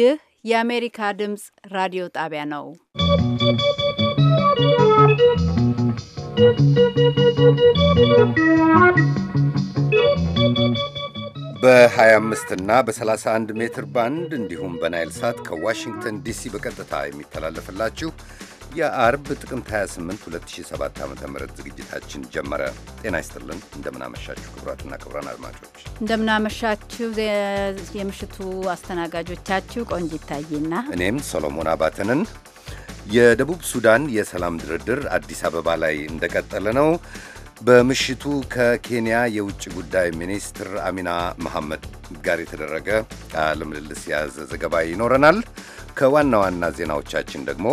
ይህ የአሜሪካ ድምፅ ራዲዮ ጣቢያ ነው። በ25 እና በ31 ሜትር ባንድ እንዲሁም በናይል ሳት ከዋሽንግተን ዲሲ በቀጥታ የሚተላለፍላችሁ የአርብ ጥቅምት 28 2007 ዓ ም ዝግጅታችን ጀመረ። ጤና ይስጥልን። እንደምናመሻችሁ ክቡራትና ክቡራን አድማጮች እንደምናመሻችሁ። የምሽቱ አስተናጋጆቻችሁ ቆንጅ ይታይና እኔም ሶሎሞን አባተንን። የደቡብ ሱዳን የሰላም ድርድር አዲስ አበባ ላይ እንደቀጠለ ነው። በምሽቱ ከኬንያ የውጭ ጉዳይ ሚኒስትር አሚና መሐመድ ጋር የተደረገ ቃለ ምልልስ የያዘ ዘገባ ይኖረናል። ከዋና ዋና ዜናዎቻችን ደግሞ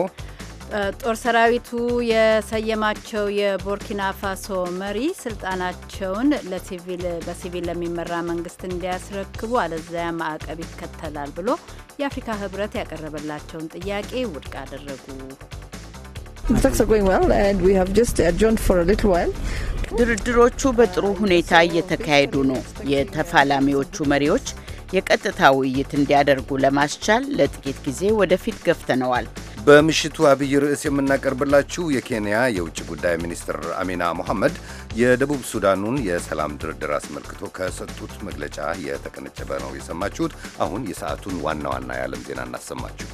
ጦር ሰራዊቱ የሰየማቸው የቦርኪና ፋሶ መሪ ስልጣናቸውን ለሲቪል በሲቪል ለሚመራ መንግስት እንዲያስረክቡ አለዚያ ማዕቀብ ይከተላል ብሎ የአፍሪካ ህብረት ያቀረበላቸውን ጥያቄ ውድቅ አደረጉ። ድርድሮቹ በጥሩ ሁኔታ እየተካሄዱ ነው። የተፋላሚዎቹ መሪዎች የቀጥታ ውይይት እንዲያደርጉ ለማስቻል ለጥቂት ጊዜ ወደፊት ገፍተነዋል። በምሽቱ አብይ ርዕስ የምናቀርብላችሁ የኬንያ የውጭ ጉዳይ ሚኒስትር አሚና ሙሐመድ የደቡብ ሱዳኑን የሰላም ድርድር አስመልክቶ ከሰጡት መግለጫ የተቀነጨበ ነው የሰማችሁት። አሁን የሰዓቱን ዋና ዋና የዓለም ዜና እናሰማችሁ።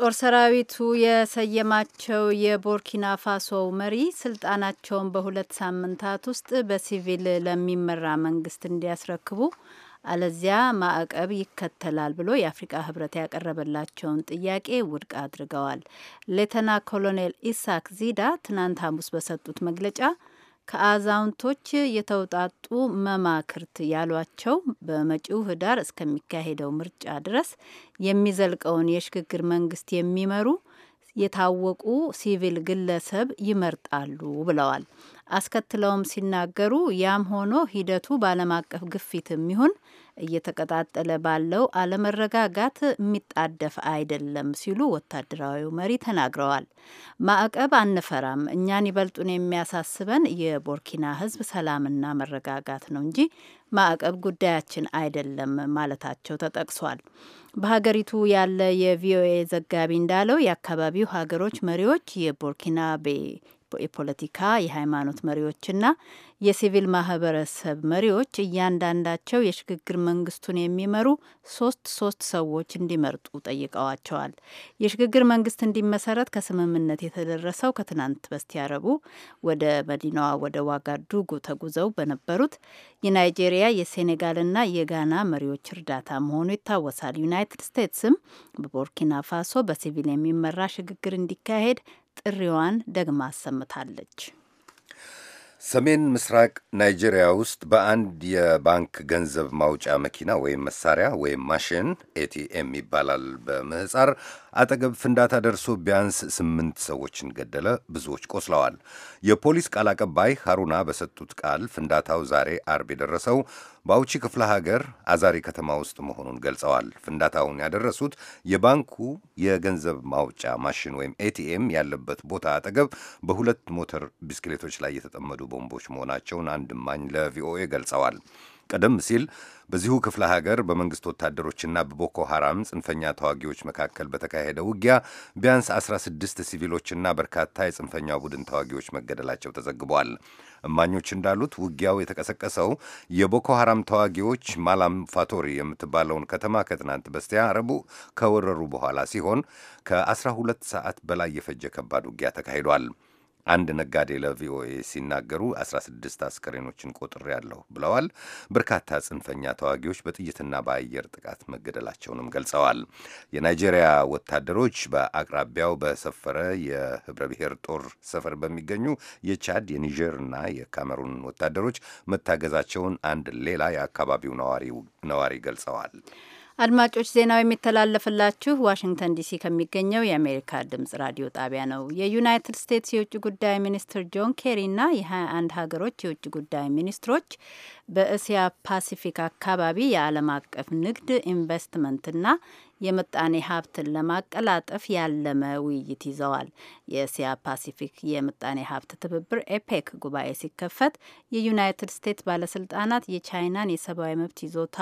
ጦር ሰራዊቱ የሰየማቸው የቦርኪና ፋሶው መሪ ስልጣናቸውን በሁለት ሳምንታት ውስጥ በሲቪል ለሚመራ መንግስት እንዲያስረክቡ አለዚያ ማዕቀብ ይከተላል ብሎ የአፍሪቃ ህብረት ያቀረበላቸውን ጥያቄ ውድቅ አድርገዋል። ሌተና ኮሎኔል ኢሳክ ዚዳ ትናንት ሐሙስ በሰጡት መግለጫ ከአዛውንቶች የተውጣጡ መማክርት ያሏቸው በመጪው ህዳር እስከሚካሄደው ምርጫ ድረስ የሚዘልቀውን የሽግግር መንግስት የሚመሩ የታወቁ ሲቪል ግለሰብ ይመርጣሉ ብለዋል። አስከትለውም ሲናገሩ ያም ሆኖ ሂደቱ በዓለም አቀፍ ግፊትም ይሁን እየተቀጣጠለ ባለው አለመረጋጋት የሚጣደፍ አይደለም ሲሉ ወታደራዊው መሪ ተናግረዋል። ማዕቀብ አንፈራም፣ እኛን ይበልጡን የሚያሳስበን የቦርኪና ሕዝብ ሰላምና መረጋጋት ነው እንጂ ማዕቀብ ጉዳያችን አይደለም ማለታቸው ተጠቅሷል። በሀገሪቱ ያለ የቪኦኤ ዘጋቢ እንዳለው የአካባቢው ሀገሮች መሪዎች የቦርኪና ቤ የፖለቲካ የሃይማኖት መሪዎችና የሲቪል ማህበረሰብ መሪዎች እያንዳንዳቸው የሽግግር መንግስቱን የሚመሩ ሶስት ሶስት ሰዎች እንዲመርጡ ጠይቀዋቸዋል። የሽግግር መንግስት እንዲመሰረት ከስምምነት የተደረሰው ከትናንት በስቲያ ረቡዕ ወደ መዲናዋ ወደ ዋጋዱጉ ተጉዘው በነበሩት የናይጄሪያ የሴኔጋልና የጋና መሪዎች እርዳታ መሆኑ ይታወሳል። ዩናይትድ ስቴትስም በቦርኪና ፋሶ በሲቪል የሚመራ ሽግግር እንዲካሄድ ጥሪዋን ደግማ አሰምታለች። ሰሜን ምስራቅ ናይጄሪያ ውስጥ በአንድ የባንክ ገንዘብ ማውጫ መኪና ወይም መሳሪያ ወይም ማሽን ኤቲኤም ይባላል በምህፃር አጠገብ ፍንዳታ ደርሶ ቢያንስ ስምንት ሰዎችን ገደለ፣ ብዙዎች ቆስለዋል። የፖሊስ ቃል አቀባይ ሀሩና በሰጡት ቃል ፍንዳታው ዛሬ አርብ የደረሰው በአውቺ ክፍለ ሀገር አዛሪ ከተማ ውስጥ መሆኑን ገልጸዋል። ፍንዳታውን ያደረሱት የባንኩ የገንዘብ ማውጫ ማሽን ወይም ኤቲኤም ያለበት ቦታ አጠገብ በሁለት ሞተር ብስክሌቶች ላይ የተጠመዱ ቦምቦች መሆናቸውን አንድ እማኝ ለቪኦኤ ገልጸዋል። ቀደም ሲል በዚሁ ክፍለ ሀገር በመንግስት ወታደሮችና በቦኮ ሐራም ጽንፈኛ ተዋጊዎች መካከል በተካሄደ ውጊያ ቢያንስ 16 ሲቪሎችና በርካታ የጽንፈኛው ቡድን ተዋጊዎች መገደላቸው ተዘግቧል። እማኞች እንዳሉት ውጊያው የተቀሰቀሰው የቦኮ ሐራም ተዋጊዎች ማላም ፋቶሪ የምትባለውን ከተማ ከትናንት በስቲያ ረቡዕ ከወረሩ በኋላ ሲሆን ከ12 ሰዓት በላይ የፈጀ ከባድ ውጊያ ተካሂዷል። አንድ ነጋዴ ለቪኦኤ ሲናገሩ 16 አስከሬኖችን ያለሁ ብለዋል። በርካታ ጽንፈኛ ተዋጊዎች በጥይትና በአየር ጥቃት መገደላቸውንም ገልጸዋል። የናይጄሪያ ወታደሮች በአቅራቢያው በሰፈረ የህብረ ብሔር ጦር ሰፈር በሚገኙ የቻድ የኒጀርና የካሜሩን ወታደሮች መታገዛቸውን አንድ ሌላ የአካባቢው ነዋሪ ገልጸዋል። አድማጮች ዜናው የሚተላለፍላችሁ ዋሽንግተን ዲሲ ከሚገኘው የአሜሪካ ድምጽ ራዲዮ ጣቢያ ነው። የዩናይትድ ስቴትስ የውጭ ጉዳይ ሚኒስትር ጆን ኬሪና የ21 ሀገሮች የውጭ ጉዳይ ሚኒስትሮች በእስያ ፓሲፊክ አካባቢ የዓለም አቀፍ ንግድ ኢንቨስትመንትና የምጣኔ ሀብትን ለማቀላጠፍ ያለመ ውይይት ይዘዋል። የእስያ ፓሲፊክ የምጣኔ ሀብት ትብብር ኤፔክ ጉባኤ ሲከፈት የዩናይትድ ስቴትስ ባለስልጣናት የቻይናን የሰብአዊ መብት ይዞታ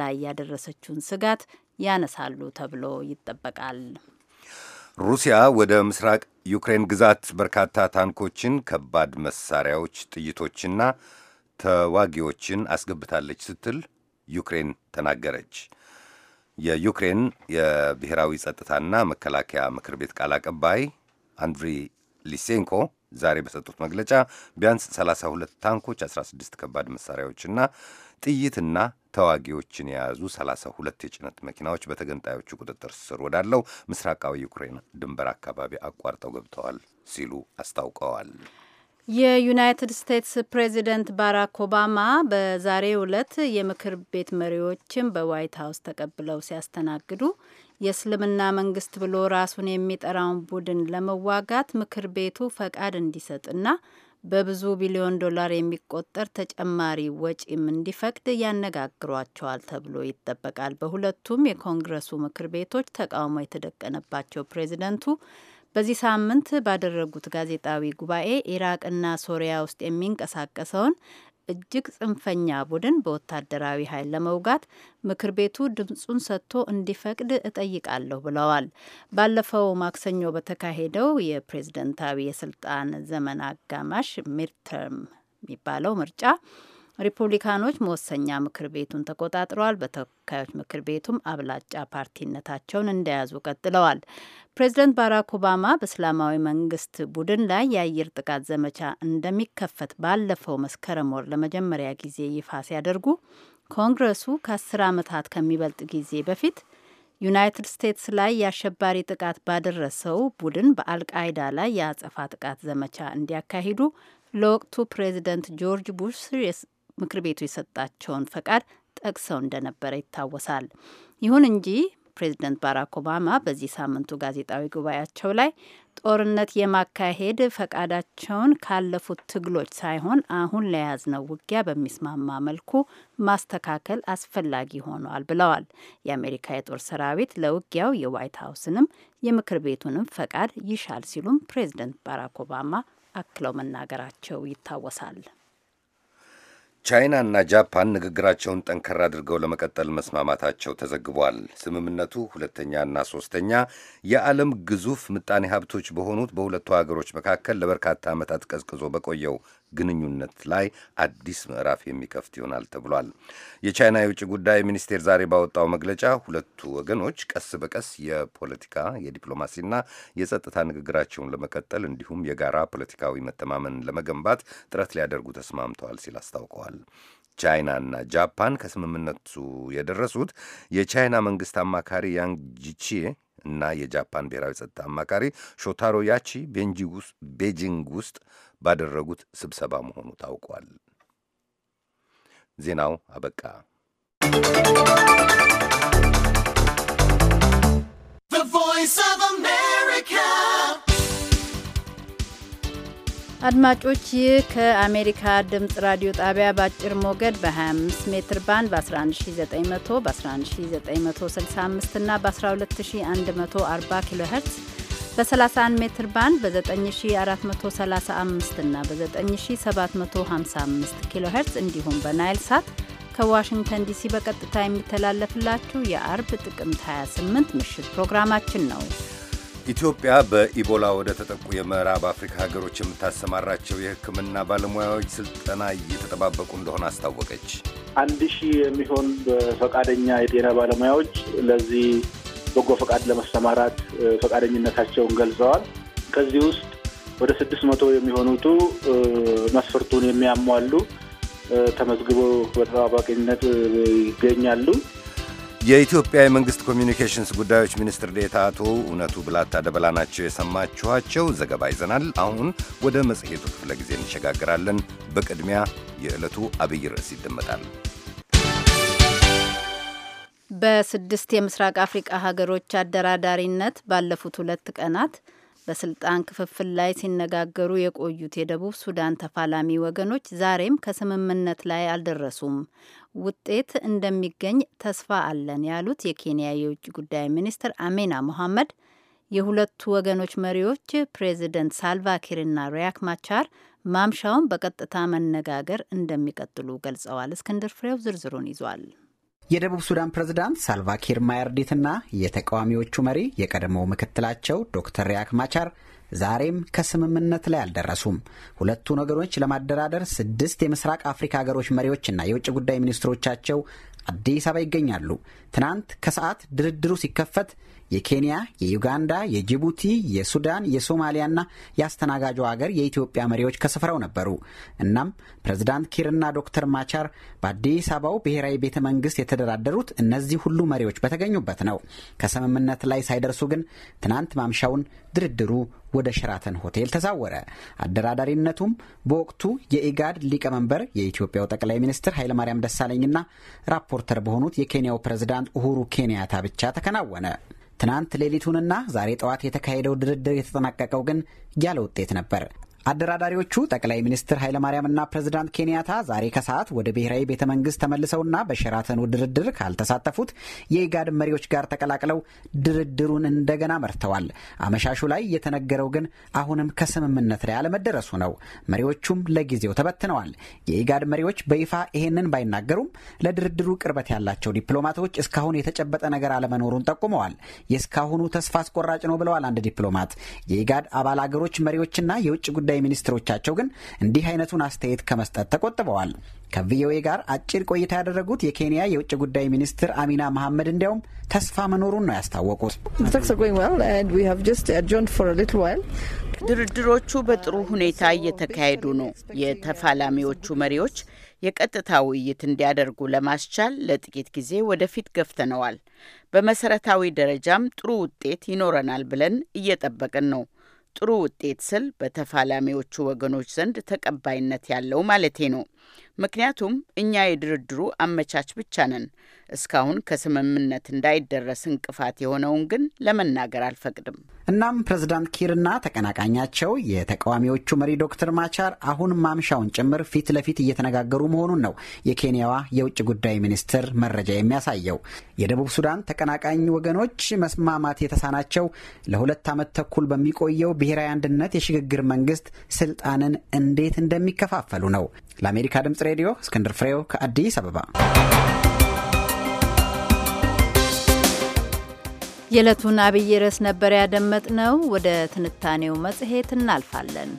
ላይ ያደረሰችውን ስጋት ያነሳሉ ተብሎ ይጠበቃል። ሩሲያ ወደ ምስራቅ ዩክሬን ግዛት በርካታ ታንኮችን፣ ከባድ መሳሪያዎች፣ ጥይቶችና ተዋጊዎችን አስገብታለች ስትል ዩክሬን ተናገረች። የዩክሬን የብሔራዊ ጸጥታና መከላከያ ምክር ቤት ቃል አቀባይ አንድሪ ሊሴንኮ ዛሬ በሰጡት መግለጫ ቢያንስ 32 ታንኮች፣ 16 ከባድ መሳሪያዎችና ጥይትና ተዋጊዎችን የያዙ 32 የጭነት መኪናዎች በተገንጣዮቹ ቁጥጥር ስር ወዳለው ምስራቃዊ ዩክሬን ድንበር አካባቢ አቋርጠው ገብተዋል ሲሉ አስታውቀዋል። የዩናይትድ ስቴትስ ፕሬዚደንት ባራክ ኦባማ በዛሬው ዕለት የምክር ቤት መሪዎችን በዋይት ሀውስ ተቀብለው ሲያስተናግዱ የእስልምና መንግስት ብሎ ራሱን የሚጠራውን ቡድን ለመዋጋት ምክር ቤቱ ፈቃድ እንዲሰጥና በብዙ ቢሊዮን ዶላር የሚቆጠር ተጨማሪ ወጪም እንዲፈቅድ ያነጋግሯቸዋል ተብሎ ይጠበቃል። በሁለቱም የኮንግረሱ ምክር ቤቶች ተቃውሞ የተደቀነባቸው ፕሬዚደንቱ በዚህ ሳምንት ባደረጉት ጋዜጣዊ ጉባኤ ኢራቅና ሶሪያ ውስጥ የሚንቀሳቀሰውን እጅግ ጽንፈኛ ቡድን በወታደራዊ ኃይል ለመውጋት ምክር ቤቱ ድምፁን ሰጥቶ እንዲፈቅድ እጠይቃለሁ ብለዋል። ባለፈው ማክሰኞ በተካሄደው የፕሬዝደንታዊ የስልጣን ዘመን አጋማሽ ሚድተርም የሚባለው ምርጫ ሪፑብሊካኖች መወሰኛ ምክር ቤቱን ተቆጣጥረዋል። በተወካዮች ምክር ቤቱም አብላጫ ፓርቲነታቸውን እንደያዙ ቀጥለዋል። ፕሬዚደንት ባራክ ኦባማ በእስላማዊ መንግስት ቡድን ላይ የአየር ጥቃት ዘመቻ እንደሚከፈት ባለፈው መስከረም ወር ለመጀመሪያ ጊዜ ይፋ ሲያደርጉ ኮንግረሱ ከአስር ዓመታት ከሚበልጥ ጊዜ በፊት ዩናይትድ ስቴትስ ላይ የአሸባሪ ጥቃት ባደረሰው ቡድን በአልቃይዳ ላይ የአጸፋ ጥቃት ዘመቻ እንዲያካሂዱ ለወቅቱ ፕሬዚደንት ጆርጅ ቡሽ ምክር ቤቱ የሰጣቸውን ፈቃድ ጠቅሰው እንደነበረ ይታወሳል። ይሁን እንጂ ፕሬዚደንት ባራክ ኦባማ በዚህ ሳምንቱ ጋዜጣዊ ጉባኤያቸው ላይ ጦርነት የማካሄድ ፈቃዳቸውን ካለፉት ትግሎች ሳይሆን አሁን ለያዝነው ውጊያ በሚስማማ መልኩ ማስተካከል አስፈላጊ ሆኗል ብለዋል። የአሜሪካ የጦር ሰራዊት ለውጊያው የዋይት ሀውስንም የምክር ቤቱንም ፈቃድ ይሻል ሲሉም ፕሬዚደንት ባራክ ኦባማ አክለው መናገራቸው ይታወሳል። ቻይናና ጃፓን ንግግራቸውን ጠንከር አድርገው ለመቀጠል መስማማታቸው ተዘግቧል። ስምምነቱ ሁለተኛና ሶስተኛ የዓለም ግዙፍ ምጣኔ ሀብቶች በሆኑት በሁለቱ ሀገሮች መካከል ለበርካታ ዓመታት ቀዝቅዞ በቆየው ግንኙነት ላይ አዲስ ምዕራፍ የሚከፍት ይሆናል ተብሏል። የቻይና የውጭ ጉዳይ ሚኒስቴር ዛሬ ባወጣው መግለጫ ሁለቱ ወገኖች ቀስ በቀስ የፖለቲካ የዲፕሎማሲና የጸጥታ ንግግራቸውን ለመቀጠል እንዲሁም የጋራ ፖለቲካዊ መተማመን ለመገንባት ጥረት ሊያደርጉ ተስማምተዋል ሲል አስታውቀዋል። ቻይናና ጃፓን ከስምምነቱ የደረሱት የቻይና መንግስት አማካሪ ያንግ ጂቼ እና የጃፓን ብሔራዊ ጸጥታ አማካሪ ሾታሮ ያቺ ቤጂንግ ውስጥ ባደረጉት ስብሰባ መሆኑ ታውቋል። ዜናው አበቃ። አድማጮች ይህ ከአሜሪካ ድምፅ ራዲዮ ጣቢያ በአጭር ሞገድ በ25 ሜትር ባንድ በ11900 በ11965 እና በ12140 ኪሎ ሄርትስ በ31 ሜትር ባንድ በ9435 እና በ9755 ኪሎ ሄርትስ እንዲሁም በናይል ሳት ከዋሽንግተን ዲሲ በቀጥታ የሚተላለፍላችሁ የአርብ ጥቅምት 28 ምሽት ፕሮግራማችን ነው። ኢትዮጵያ በኢቦላ ወደ ተጠቁ የምዕራብ አፍሪካ ሀገሮች የምታሰማራቸው የሕክምና ባለሙያዎች ስልጠና እየተጠባበቁ እንደሆነ አስታወቀች። አንድ ሺህ የሚሆን በፈቃደኛ የጤና ባለሙያዎች ለዚህ በጎ ፈቃድ ለመሰማራት ፈቃደኝነታቸውን ገልጸዋል። ከዚህ ውስጥ ወደ ስድስት መቶ የሚሆኑቱ መስፈርቱን የሚያሟሉ ተመዝግበው በተጠባባቂነት ይገኛሉ። የኢትዮጵያ የመንግስት ኮሚኒኬሽንስ ጉዳዮች ሚኒስትር ዴታ አቶ እውነቱ ብላታ ደበላ ናቸው የሰማችኋቸው። ዘገባ ይዘናል። አሁን ወደ መጽሔቱ ክፍለ ጊዜ እንሸጋግራለን። በቅድሚያ የዕለቱ አብይ ርዕስ ይደመጣል። በስድስት የምስራቅ አፍሪቃ ሀገሮች አደራዳሪነት ባለፉት ሁለት ቀናት በስልጣን ክፍፍል ላይ ሲነጋገሩ የቆዩት የደቡብ ሱዳን ተፋላሚ ወገኖች ዛሬም ከስምምነት ላይ አልደረሱም። ውጤት እንደሚገኝ ተስፋ አለን ያሉት የኬንያ የውጭ ጉዳይ ሚኒስትር አሜና ሞሐመድ የሁለቱ ወገኖች መሪዎች ፕሬዚደንት ሳልቫኪርና ሪያክ ማቻር ማምሻውን በቀጥታ መነጋገር እንደሚቀጥሉ ገልጸዋል። እስክንድር ፍሬው ዝርዝሩን ይዟል። የደቡብ ሱዳን ፕሬዝዳንት ሳልቫኪር ማያርዲትና የተቃዋሚዎቹ መሪ የቀድሞው ምክትላቸው ዶክተር ሪያክ ማቻር ዛሬም ከስምምነት ላይ አልደረሱም። ሁለቱን ወገኖች ለማደራደር ስድስት የምስራቅ አፍሪካ ሀገሮች መሪዎችና የውጭ ጉዳይ ሚኒስትሮቻቸው አዲስ አበባ ይገኛሉ። ትናንት ከሰዓት ድርድሩ ሲከፈት የኬንያ፣ የዩጋንዳ፣ የጅቡቲ፣ የሱዳን፣ የሶማሊያና የአስተናጋጁ አገር የኢትዮጵያ መሪዎች ከስፍራው ነበሩ። እናም ፕሬዝዳንት ኪርና ዶክተር ማቻር በአዲስ አበባው ብሔራዊ ቤተ መንግስት የተደራደሩት እነዚህ ሁሉ መሪዎች በተገኙበት ነው። ከስምምነት ላይ ሳይደርሱ ግን ትናንት ማምሻውን ድርድሩ ወደ ሸራተን ሆቴል ተዛወረ። አደራዳሪነቱም በወቅቱ የኢጋድ ሊቀመንበር የኢትዮጵያው ጠቅላይ ሚኒስትር ኃይለማርያም ደሳለኝና ራፖርተር በሆኑት የኬንያው ፕሬዝዳንት ኡሁሩ ኬንያታ ብቻ ተከናወነ። ትናንት ሌሊቱንና ዛሬ ጠዋት የተካሄደው ድርድር የተጠናቀቀው ግን ያለ ውጤት ነበር። አደራዳሪዎቹ ጠቅላይ ሚኒስትር ኃይለማርያምና ፕሬዝዳንት ኬንያታ ዛሬ ከሰዓት ወደ ብሔራዊ ቤተ መንግስት ተመልሰውና በሸራተኑ ድርድር ካልተሳተፉት የኢጋድ መሪዎች ጋር ተቀላቅለው ድርድሩን እንደገና መርተዋል። አመሻሹ ላይ የተነገረው ግን አሁንም ከስምምነት ላይ አለመደረሱ ነው። መሪዎቹም ለጊዜው ተበትነዋል። የኢጋድ መሪዎች በይፋ ይሄንን ባይናገሩም ለድርድሩ ቅርበት ያላቸው ዲፕሎማቶች እስካሁን የተጨበጠ ነገር አለመኖሩን ጠቁመዋል። የእስካሁኑ ተስፋ አስቆራጭ ነው ብለዋል አንድ ዲፕሎማት። የኢጋድ አባል አገሮች መሪዎችና የውጭ ጉዳይ ሚኒስትሮቻቸው ግን እንዲህ አይነቱን አስተያየት ከመስጠት ተቆጥበዋል። ከቪኦኤ ጋር አጭር ቆይታ ያደረጉት የኬንያ የውጭ ጉዳይ ሚኒስትር አሚና መሐመድ እንዲያውም ተስፋ መኖሩን ነው ያስታወቁት። ድርድሮቹ በጥሩ ሁኔታ እየተካሄዱ ነው። የተፋላሚዎቹ መሪዎች የቀጥታ ውይይት እንዲያደርጉ ለማስቻል ለጥቂት ጊዜ ወደፊት ገፍተነዋል። በመሰረታዊ ደረጃም ጥሩ ውጤት ይኖረናል ብለን እየጠበቅን ነው። ጥሩ ውጤት ስል በተፋላሚዎቹ ወገኖች ዘንድ ተቀባይነት ያለው ማለቴ ነው። ምክንያቱም እኛ የድርድሩ አመቻች ብቻ ነን። እስካሁን ከስምምነት እንዳይደረስ እንቅፋት የሆነውን ግን ለመናገር አልፈቅድም። እናም ፕሬዝዳንት ኪርና ተቀናቃኛቸው የተቃዋሚዎቹ መሪ ዶክተር ማቻር አሁን ማምሻውን ጭምር ፊት ለፊት እየተነጋገሩ መሆኑን ነው የኬንያዋ የውጭ ጉዳይ ሚኒስትር መረጃ የሚያሳየው። የደቡብ ሱዳን ተቀናቃኝ ወገኖች መስማማት የተሳናቸው ለሁለት ዓመት ተኩል በሚቆየው ብሔራዊ አንድነት የሽግግር መንግስት ስልጣንን እንዴት እንደሚከፋፈሉ ነው። ለአሜሪካ ድምፅ ሬዲዮ እስክንድር ፍሬው ከአዲስ አበባ። የዕለቱን አብይ ርዕስ ነበር ያደመጥነው። ወደ ትንታኔው መጽሔት እናልፋለን።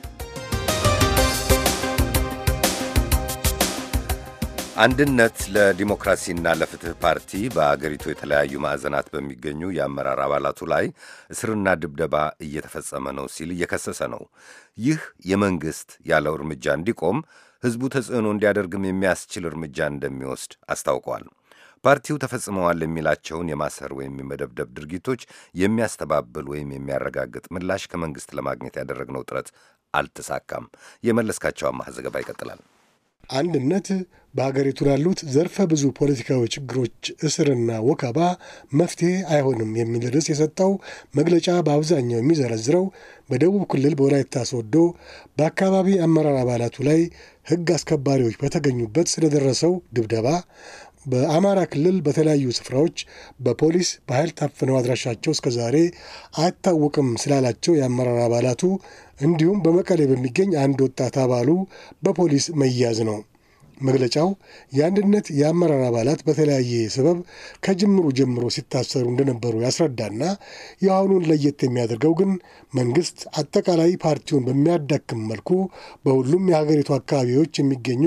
አንድነት ለዲሞክራሲና ለፍትህ ፓርቲ በአገሪቱ የተለያዩ ማዕዘናት በሚገኙ የአመራር አባላቱ ላይ እስርና ድብደባ እየተፈጸመ ነው ሲል እየከሰሰ ነው። ይህ የመንግሥት ያለው እርምጃ እንዲቆም ህዝቡ ተጽዕኖ እንዲያደርግም የሚያስችል እርምጃ እንደሚወስድ አስታውቋል። ፓርቲው ተፈጽመዋል የሚላቸውን የማሰር ወይም የመደብደብ ድርጊቶች የሚያስተባብል ወይም የሚያረጋግጥ ምላሽ ከመንግሥት ለማግኘት ያደረግነው ጥረት አልተሳካም። የመለስካቸው አማህ ዘገባ ይቀጥላል። አንድነት በሀገሪቱ ላሉት ዘርፈ ብዙ ፖለቲካዊ ችግሮች እስርና ወከባ መፍትሄ አይሆንም የሚል ርዕስ የሰጠው መግለጫ በአብዛኛው የሚዘረዝረው በደቡብ ክልል በወላይታ ሶዶ በአካባቢ አመራር አባላቱ ላይ ሕግ አስከባሪዎች በተገኙበት ስለደረሰው ድብደባ፣ በአማራ ክልል በተለያዩ ስፍራዎች በፖሊስ በኃይል ታፍነው አድራሻቸው እስከ ዛሬ አይታወቅም ስላላቸው የአመራር አባላቱ እንዲሁም በመቀሌ በሚገኝ አንድ ወጣት አባሉ በፖሊስ መያዝ ነው። መግለጫው የአንድነት የአመራር አባላት በተለያየ ሰበብ ከጅምሩ ጀምሮ ሲታሰሩ እንደነበሩ ያስረዳና የአሁኑን ለየት የሚያደርገው ግን መንግስት አጠቃላይ ፓርቲውን በሚያዳክም መልኩ በሁሉም የሀገሪቱ አካባቢዎች የሚገኙ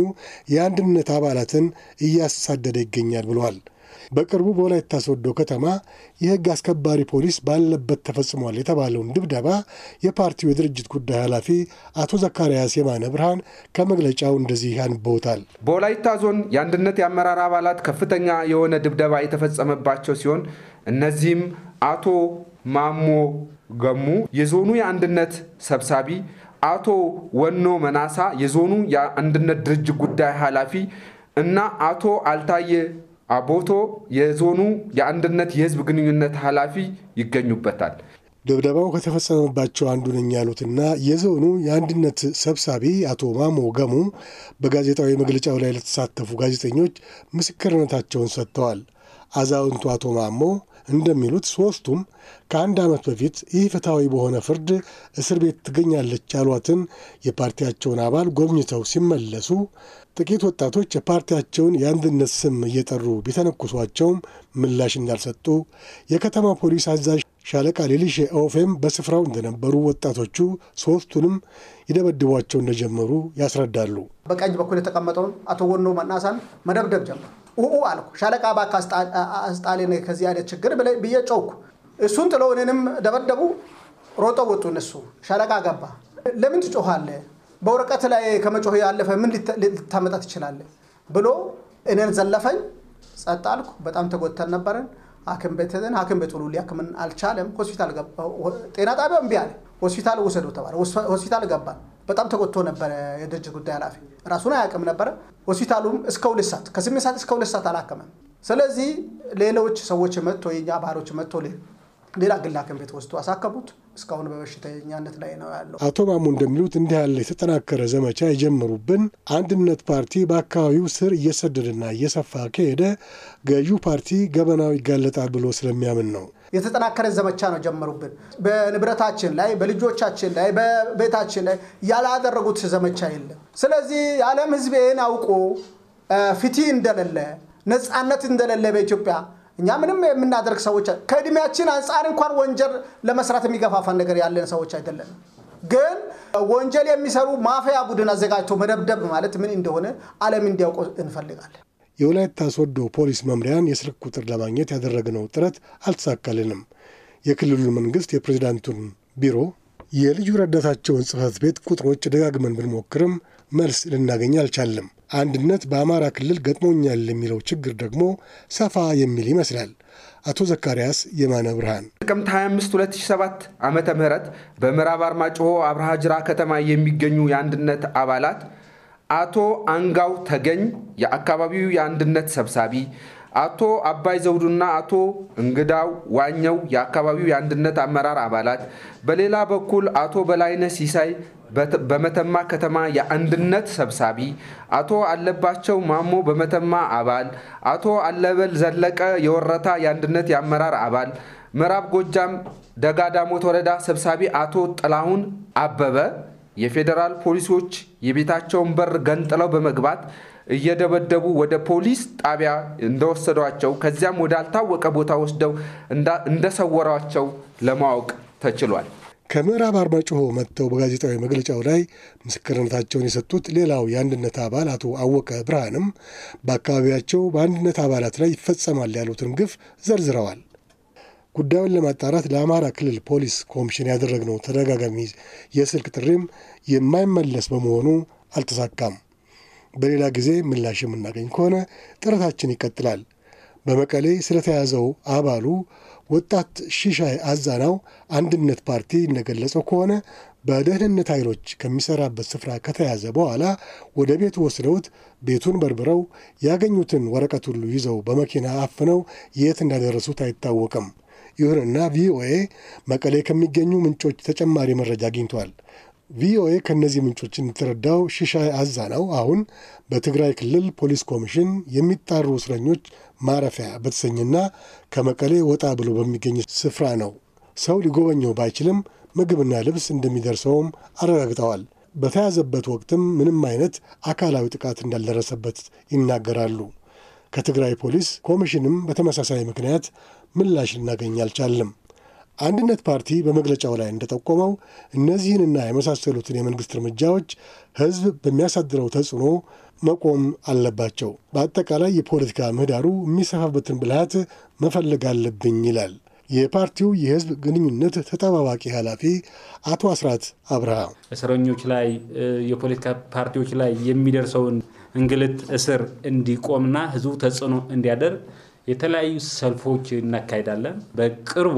የአንድነት አባላትን እያሳደደ ይገኛል ብለዋል። በቅርቡ በወላይታ ሶዶ ከተማ የህግ አስከባሪ ፖሊስ ባለበት ተፈጽሟል የተባለውን ድብደባ የፓርቲው የድርጅት ጉዳይ ኃላፊ አቶ ዘካርያስ የማነ ብርሃን ከመግለጫው እንደዚህ አንብበውታል። በወላይታ ዞን የአንድነት የአመራር አባላት ከፍተኛ የሆነ ድብደባ የተፈጸመባቸው ሲሆን እነዚህም አቶ ማሞ ገሙ የዞኑ የአንድነት ሰብሳቢ አቶ ወኖ መናሳ የዞኑ የአንድነት ድርጅት ጉዳይ ኃላፊ እና አቶ አልታየ አቦቶ የዞኑ የአንድነት የህዝብ ግንኙነት ኃላፊ ይገኙበታል። ድብደባው ከተፈጸመባቸው አንዱ ነኝ ያሉትና የዞኑ የአንድነት ሰብሳቢ አቶ ማሞ ገሙ በጋዜጣዊ መግለጫው ላይ ለተሳተፉ ጋዜጠኞች ምስክርነታቸውን ሰጥተዋል። አዛውንቱ አቶ ማሞ እንደሚሉት ሦስቱም ከአንድ ዓመት በፊት ይህ ፍትሐዊ በሆነ ፍርድ እስር ቤት ትገኛለች ያሏትን የፓርቲያቸውን አባል ጎብኝተው ሲመለሱ ጥቂት ወጣቶች የፓርቲያቸውን የአንድነት ስም እየጠሩ ቢተነኩሷቸውም ምላሽ እንዳልሰጡ፣ የከተማ ፖሊስ አዛዥ ሻለቃ ሌሊሽ ኦፌም በስፍራው እንደነበሩ ወጣቶቹ ሶስቱንም ይደበድቧቸው እንደጀመሩ ያስረዳሉ። በቀኝ በኩል የተቀመጠውን አቶ ወኖ መናሳን መደብደብ ጀመሩ። ኡኡ አልኩ። ሻለቃ እባክህ አስጣሌን ከዚህ አይነት ችግር ብዬ ጮኩ። እሱን ጥለው እኔንም ደበደቡ። ሮጦ ወጡ እነሱ። ሻለቃ ገባ። ለምን ትጮኋለ በወረቀት ላይ ከመጮህ ያለፈ ምን ልታመጣ ትችላለ ብሎ እኔን ዘለፈኝ። ጸጥ አልኩ። በጣም ተጎተን ነበረን። ሐኪም ቤትን ሄደን ቤት ሁሉ ሊያክምን አልቻለም። ሆስፒታል ጤና ጣቢያ እምቢ አለ። ሆስፒታል ውሰዱ ተባለ። ሆስፒታል ገባል በጣም ተቆጥቶ ነበረ። የድርጅት ጉዳይ ኃላፊ ራሱን አያውቅም ነበረ። ሆስፒታሉም እስከ ሁለት ሰዓት ከስምንት ሰዓት እስከ ሁለት ሰዓት አላከመም። ስለዚህ ሌሎች ሰዎች መጥቶ የኛ ባህሮች መጥቶ ሌላ ግል ቤት ወስዶ አሳከሙት። እስካሁን በበሽተኛነት ላይ ነው ያለው። አቶ ማሙ እንደሚሉት እንዲህ ያለ የተጠናከረ ዘመቻ የጀመሩብን አንድነት ፓርቲ በአካባቢው ስር እየሰደደና እየሰፋ ከሄደ ገዢው ፓርቲ ገበናው ይጋለጣል ብሎ ስለሚያምን ነው። የተጠናከረ ዘመቻ ነው ጀመሩብን። በንብረታችን ላይ፣ በልጆቻችን ላይ፣ በቤታችን ላይ ያላደረጉት ዘመቻ የለም። ስለዚህ የዓለም ሕዝብ ይህን አውቆ ፍትህ እንደሌለ፣ ነፃነት እንደሌለ በኢትዮጵያ እኛ ምንም የምናደርግ ሰዎች ከእድሜያችን አንጻር እንኳን ወንጀል ለመስራት የሚገፋፋን ነገር ያለን ሰዎች አይደለም። ግን ወንጀል የሚሰሩ ማፊያ ቡድን አዘጋጅቶ መደብደብ ማለት ምን እንደሆነ ዓለም እንዲያውቀው እንፈልጋለን። የወላይታ ሶዶ ፖሊስ መምሪያን የስልክ ቁጥር ለማግኘት ያደረግነው ጥረት አልተሳካልንም። የክልሉ መንግስት የፕሬዚዳንቱን ቢሮ፣ የልዩ ረዳታቸውን ጽህፈት ቤት ቁጥሮች ደጋግመን ብንሞክርም መልስ ልናገኝ አልቻለም። አንድነት በአማራ ክልል ገጥሞኛል የሚለው ችግር ደግሞ ሰፋ የሚል ይመስላል። አቶ ዘካርያስ የማነ ብርሃን ጥቅምት 25 2007 ዓ ም በምዕራብ አርማጭሆ አብርሃ ጅራ ከተማ የሚገኙ የአንድነት አባላት አቶ አንጋው ተገኝ የአካባቢው የአንድነት ሰብሳቢ፣ አቶ አባይ ዘውዱና አቶ እንግዳው ዋኘው የአካባቢው የአንድነት አመራር አባላት፣ በሌላ በኩል አቶ በላይነ ሲሳይ በመተማ ከተማ የአንድነት ሰብሳቢ፣ አቶ አለባቸው ማሞ በመተማ አባል፣ አቶ አለበል ዘለቀ የወረታ የአንድነት የአመራር አባል፣ ምዕራብ ጎጃም ደጋዳሞት ወረዳ ሰብሳቢ አቶ ጥላሁን አበበ የፌዴራል ፖሊሶች የቤታቸውን በር ገንጥለው በመግባት እየደበደቡ ወደ ፖሊስ ጣቢያ እንደወሰዷቸው ከዚያም ወዳልታወቀ ቦታ ወስደው እንደሰወሯቸው ለማወቅ ተችሏል። ከምዕራብ አርማጭሆ መጥተው በጋዜጣዊ መግለጫው ላይ ምስክርነታቸውን የሰጡት ሌላው የአንድነት አባል አቶ አወቀ ብርሃንም በአካባቢያቸው በአንድነት አባላት ላይ ይፈጸማል ያሉትን ግፍ ዘርዝረዋል። ጉዳዩን ለማጣራት ለአማራ ክልል ፖሊስ ኮሚሽን ያደረግነው ተደጋጋሚ የስልክ ጥሪም የማይመለስ በመሆኑ አልተሳካም። በሌላ ጊዜ ምላሽ የምናገኝ ከሆነ ጥረታችን ይቀጥላል። በመቀሌ ስለተያዘው አባሉ ወጣት ሺሻይ አዛናው አንድነት ፓርቲ እንደገለጸው ከሆነ በደህንነት ኃይሎች ከሚሰራበት ስፍራ ከተያዘ በኋላ ወደ ቤት ወስደውት ቤቱን በርብረው ያገኙትን ወረቀት ሁሉ ይዘው በመኪና አፍነው የት እንዳደረሱት አይታወቅም። ይሁንና ቪኦኤ መቀሌ ከሚገኙ ምንጮች ተጨማሪ መረጃ አግኝቷል። ቪኦኤ ከእነዚህ ምንጮች እንደተረዳው ሽሻይ አዛ ነው። አሁን በትግራይ ክልል ፖሊስ ኮሚሽን የሚጣሩ እስረኞች ማረፊያ በተሰኘና ከመቀሌ ወጣ ብሎ በሚገኝ ስፍራ ነው። ሰው ሊጎበኘው ባይችልም ምግብና ልብስ እንደሚደርሰውም አረጋግጠዋል። በተያዘበት ወቅትም ምንም አይነት አካላዊ ጥቃት እንዳልደረሰበት ይናገራሉ። ከትግራይ ፖሊስ ኮሚሽንም በተመሳሳይ ምክንያት ምላሽ ልናገኝ አልቻለም። አንድነት ፓርቲ በመግለጫው ላይ እንደጠቆመው እነዚህንና የመሳሰሉትን የመንግስት እርምጃዎች ህዝብ በሚያሳድረው ተጽዕኖ መቆም አለባቸው። በአጠቃላይ የፖለቲካ ምህዳሩ የሚሰፋበትን ብልሃት መፈለግ አለብኝ ይላል የፓርቲው የህዝብ ግንኙነት ተጠባባቂ ኃላፊ አቶ አስራት አብርሃ እስረኞች ላይ የፖለቲካ ፓርቲዎች ላይ የሚደርሰውን እንግልት፣ እስር እንዲቆምና ህዝቡ ተጽዕኖ እንዲያደርግ የተለያዩ ሰልፎች እናካሄዳለን። በቅርቡ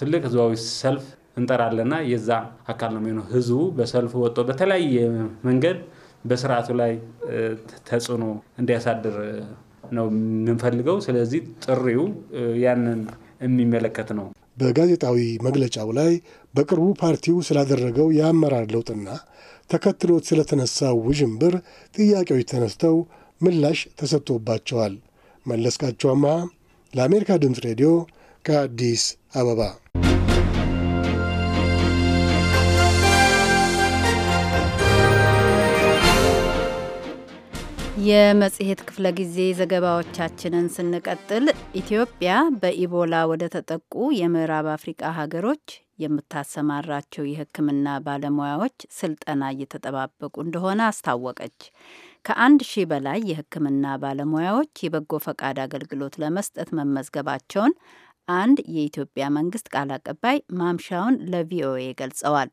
ትልቅ ህዝባዊ ሰልፍ እንጠራለና የዛ አካል ነው የሚሆነው። ህዝቡ በሰልፍ ወጥቶ በተለያየ መንገድ በስርዓቱ ላይ ተጽዕኖ እንዲያሳድር ነው የምንፈልገው። ስለዚህ ጥሪው ያንን የሚመለከት ነው። በጋዜጣዊ መግለጫው ላይ በቅርቡ ፓርቲው ስላደረገው የአመራር ለውጥና ተከትሎት ስለተነሳው ውዥንብር ጥያቄዎች ተነስተው ምላሽ ተሰጥቶባቸዋል። መለስካቸው አምሃ ለአሜሪካ ድምፅ ሬዲዮ ከአዲስ አበባ የመጽሔት ክፍለ ጊዜ ዘገባዎቻችንን ስንቀጥል ኢትዮጵያ በኢቦላ ወደ ተጠቁ የምዕራብ አፍሪቃ ሀገሮች የምታሰማራቸው የሕክምና ባለሙያዎች ስልጠና እየተጠባበቁ እንደሆነ አስታወቀች። ከአንድ ሺህ በላይ የሕክምና ባለሙያዎች የበጎ ፈቃድ አገልግሎት ለመስጠት መመዝገባቸውን አንድ የኢትዮጵያ መንግስት ቃል አቀባይ ማምሻውን ለቪኦኤ ገልጸዋል።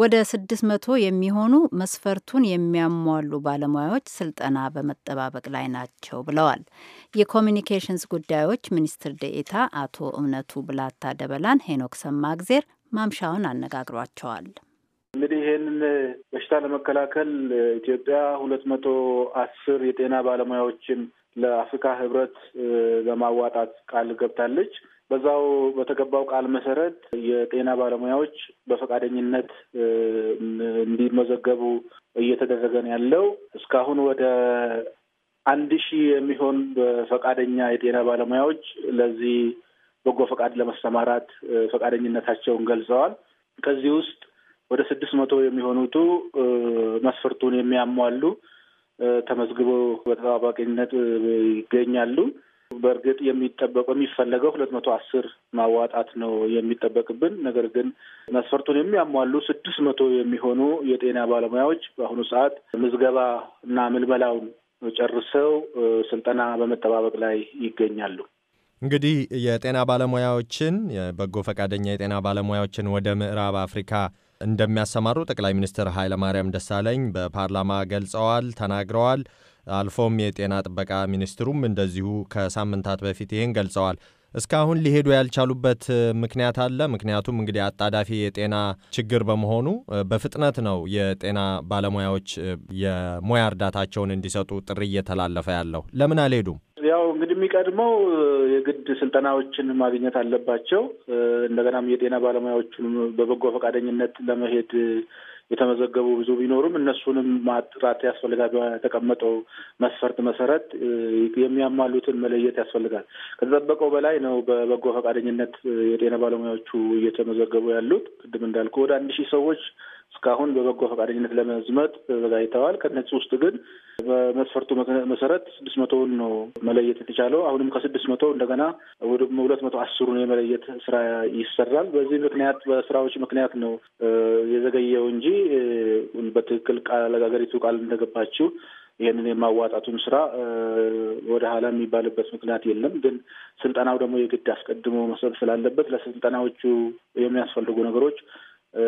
ወደ ስድስት መቶ የሚሆኑ መስፈርቱን የሚያሟሉ ባለሙያዎች ስልጠና በመጠባበቅ ላይ ናቸው ብለዋል። የኮሚኒኬሽንስ ጉዳዮች ሚኒስትር ደኤታ አቶ እምነቱ ብላታ ደበላን ሄኖክ ሰማእግዜር ማምሻውን አነጋግሯቸዋል። እንግዲህ ይህንን በሽታ ለመከላከል ኢትዮጵያ ሁለት መቶ አስር የጤና ባለሙያዎችን ለአፍሪካ ህብረት ለማዋጣት ቃል ገብታለች። በዛው በተገባው ቃል መሰረት የጤና ባለሙያዎች በፈቃደኝነት እንዲመዘገቡ እየተደረገ ነው ያለው። እስካሁን ወደ አንድ ሺህ የሚሆን በፈቃደኛ የጤና ባለሙያዎች ለዚህ በጎ ፈቃድ ለመሰማራት ፈቃደኝነታቸውን ገልጸዋል። ከዚህ ውስጥ ወደ ስድስት መቶ የሚሆኑቱ መስፈርቱን የሚያሟሉ ተመዝግበው በተጠባባቂነት ይገኛሉ። በእርግጥ የሚጠበቀው የሚፈለገው ሁለት መቶ አስር ማዋጣት ነው የሚጠበቅብን። ነገር ግን መስፈርቱን የሚያሟሉ ስድስት መቶ የሚሆኑ የጤና ባለሙያዎች በአሁኑ ሰዓት ምዝገባ እና ምልመላውን ጨርሰው ስልጠና በመጠባበቅ ላይ ይገኛሉ። እንግዲህ የጤና ባለሙያዎችን በጎ ፈቃደኛ የጤና ባለሙያዎችን ወደ ምዕራብ አፍሪካ እንደሚያሰማሩ ጠቅላይ ሚኒስትር ኃይለማርያም ደሳለኝ በፓርላማ ገልጸዋል፣ ተናግረዋል። አልፎም የጤና ጥበቃ ሚኒስትሩም እንደዚሁ ከሳምንታት በፊት ይህን ገልጸዋል። እስካሁን ሊሄዱ ያልቻሉበት ምክንያት አለ። ምክንያቱም እንግዲህ አጣዳፊ የጤና ችግር በመሆኑ በፍጥነት ነው የጤና ባለሙያዎች የሙያ እርዳታቸውን እንዲሰጡ ጥሪ እየተላለፈ ያለው። ለምን አልሄዱም? ያው እንግዲህ የሚቀድመው የግድ ስልጠናዎችን ማግኘት አለባቸው። እንደገናም የጤና ባለሙያዎቹንም በበጎ ፈቃደኝነት ለመሄድ የተመዘገቡ ብዙ ቢኖሩም እነሱንም ማጥራት ያስፈልጋል። በተቀመጠው መስፈርት መሰረት የሚያሟሉትን መለየት ያስፈልጋል። ከተጠበቀው በላይ ነው። በበጎ ፈቃደኝነት የጤና ባለሙያዎቹ እየተመዘገቡ ያሉት ቅድም እንዳልኩ ወደ አንድ ሺህ ሰዎች እስካሁን በበጎ ፈቃደኝነት ለመዝመት ተዘጋጅተዋል። ከነዚህ ውስጥ ግን በመስፈርቱ መሰረት ስድስት መቶውን ነው መለየት የተቻለው። አሁንም ከስድስት መቶ እንደገና ወደ ሁለት መቶ አስሩን የመለየት ስራ ይሰራል። በዚህ ምክንያት በስራዎች ምክንያት ነው የዘገየው እንጂ በትክክል ቃል ሀገሪቱ ቃል እንደገባችው ይህንን የማዋጣቱን ስራ ወደ ኋላ የሚባልበት ምክንያት የለም። ግን ስልጠናው ደግሞ የግድ አስቀድሞ መሰብ ስላለበት ለስልጠናዎቹ የሚያስፈልጉ ነገሮች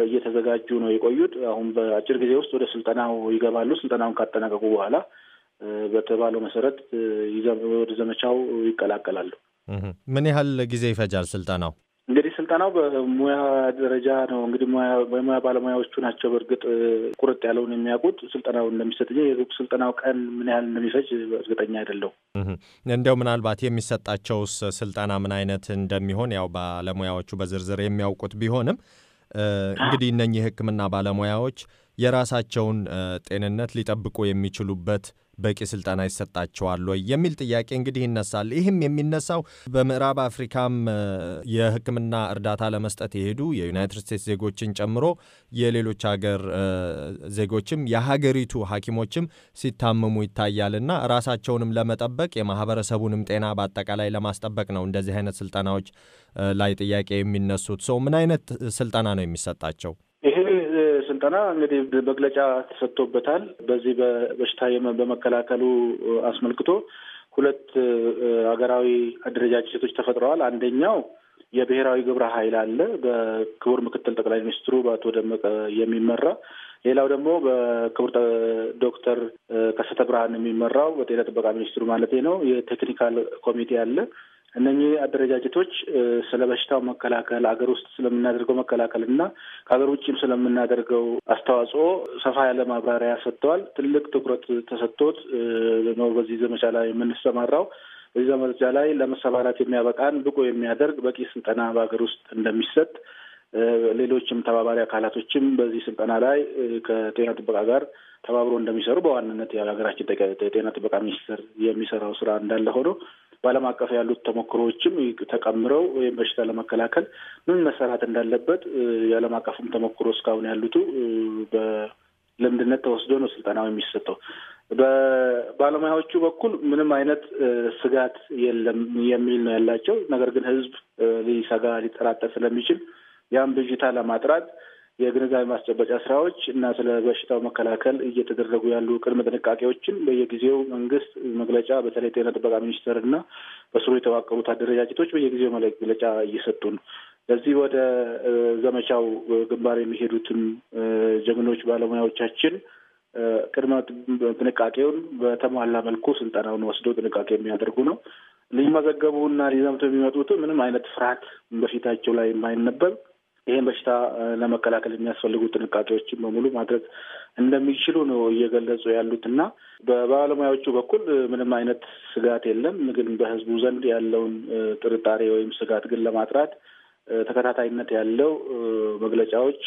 እየተዘጋጁ ነው የቆዩት። አሁን በአጭር ጊዜ ውስጥ ወደ ስልጠናው ይገባሉ። ስልጠናውን ካጠናቀቁ በኋላ በተባለው መሰረት ወደ ዘመቻው ይቀላቀላሉ። ምን ያህል ጊዜ ይፈጃል ስልጠናው? እንግዲህ ስልጠናው በሙያ ደረጃ ነው። እንግዲህ በሙያ ባለሙያዎቹ ናቸው በእርግጥ ቁርጥ ያለውን የሚያውቁት ስልጠናው እንደሚሰጥ እ ስልጠናው ቀን ምን ያህል እንደሚፈጅ እርግጠኛ አይደለው? እንዲያው ምናልባት የሚሰጣቸውስ ስልጠና ምን አይነት እንደሚሆን ያው ባለሙያዎቹ በዝርዝር የሚያውቁት ቢሆንም እንግዲህ እነኚህ የህክምና ባለሙያዎች የራሳቸውን ጤንነት ሊጠብቁ የሚችሉበት በቂ ስልጠና ይሰጣቸዋል ወይ የሚል ጥያቄ እንግዲህ ይነሳል። ይህም የሚነሳው በምዕራብ አፍሪካም የሕክምና እርዳታ ለመስጠት የሄዱ የዩናይትድ ስቴትስ ዜጎችን ጨምሮ የሌሎች ሀገር ዜጎችም የሀገሪቱ ሐኪሞችም ሲታመሙ ይታያልና ራሳቸውንም ለመጠበቅ የማህበረሰቡንም ጤና በአጠቃላይ ለማስጠበቅ ነው እንደዚህ አይነት ስልጠናዎች ላይ ጥያቄ የሚነሱት ሰው ምን አይነት ስልጠና ነው የሚሰጣቸው? ይሄ ስልጠና እንግዲህ መግለጫ ተሰጥቶበታል። በዚህ በበሽታ በመከላከሉ አስመልክቶ ሁለት ሀገራዊ አደረጃጀቶች ተፈጥረዋል። አንደኛው የብሔራዊ ግብረ ኃይል አለ በክቡር ምክትል ጠቅላይ ሚኒስትሩ በአቶ ደመቀ የሚመራ ሌላው ደግሞ በክቡር ዶክተር ከሰተ ብርሃን የሚመራው በጤና ጥበቃ ሚኒስትሩ ማለት ነው የቴክኒካል ኮሚቴ አለ። እነኚህ አደረጃጀቶች ስለ በሽታው መከላከል አገር ውስጥ ስለምናደርገው መከላከል እና ከሀገር ውጭም ስለምናደርገው አስተዋጽኦ ሰፋ ያለ ማብራሪያ ሰጥተዋል። ትልቅ ትኩረት ተሰጥቶት ነው በዚህ ዘመቻ ላይ የምንሰማራው። በዚህ ዘመቻ ላይ ለመሰማራት የሚያበቃን ብቁ የሚያደርግ በቂ ስልጠና በሀገር ውስጥ እንደሚሰጥ ሌሎችም ተባባሪ አካላቶችም በዚህ ስልጠና ላይ ከጤና ጥበቃ ጋር ተባብሮ እንደሚሰሩ በዋናነት የሀገራችን የጤና ጥበቃ ሚኒስቴር የሚሰራው ስራ እንዳለ ሆኖ በዓለም አቀፍ ያሉት ተሞክሮዎችም ተቀምረው ወይም በሽታ ለመከላከል ምን መሰራት እንዳለበት የዓለም አቀፍም ተሞክሮ እስካሁን ያሉቱ በልምድነት ተወስዶ ነው ስልጠናው የሚሰጠው። በባለሙያዎቹ በኩል ምንም አይነት ስጋት የለም የሚል ነው ያላቸው። ነገር ግን ህዝብ ሊሰጋ ሊጠራጠር ስለሚችል ያን ብዥታ ለማጥራት የግንዛቤ ማስጨበጫ ስራዎች እና ስለ በሽታው መከላከል እየተደረጉ ያሉ ቅድመ ጥንቃቄዎችን በየጊዜው መንግስት መግለጫ በተለይ ጤና ጥበቃ ሚኒስቴር እና በስሩ የተዋቀሩት አደረጃጀቶች በየጊዜው መግለጫ እየሰጡ ነው። ለዚህ ወደ ዘመቻው ግንባር የሚሄዱትም ጀግኖች ባለሙያዎቻችን ቅድመ ጥንቃቄውን በተሟላ መልኩ ስልጠናውን ወስዶ ጥንቃቄ የሚያደርጉ ነው። ሊመዘገቡ እና ሊዘምቱ የሚመጡት ምንም አይነት ፍርሃት በፊታቸው ላይ የማይነበብ ይህን በሽታ ለመከላከል የሚያስፈልጉ ጥንቃቄዎችን በሙሉ ማድረግ እንደሚችሉ ነው እየገለጹ ያሉት እና በባለሙያዎቹ በኩል ምንም አይነት ስጋት የለም። ግን በህዝቡ ዘንድ ያለውን ጥርጣሬ ወይም ስጋት ግን ለማጥራት ተከታታይነት ያለው መግለጫዎች፣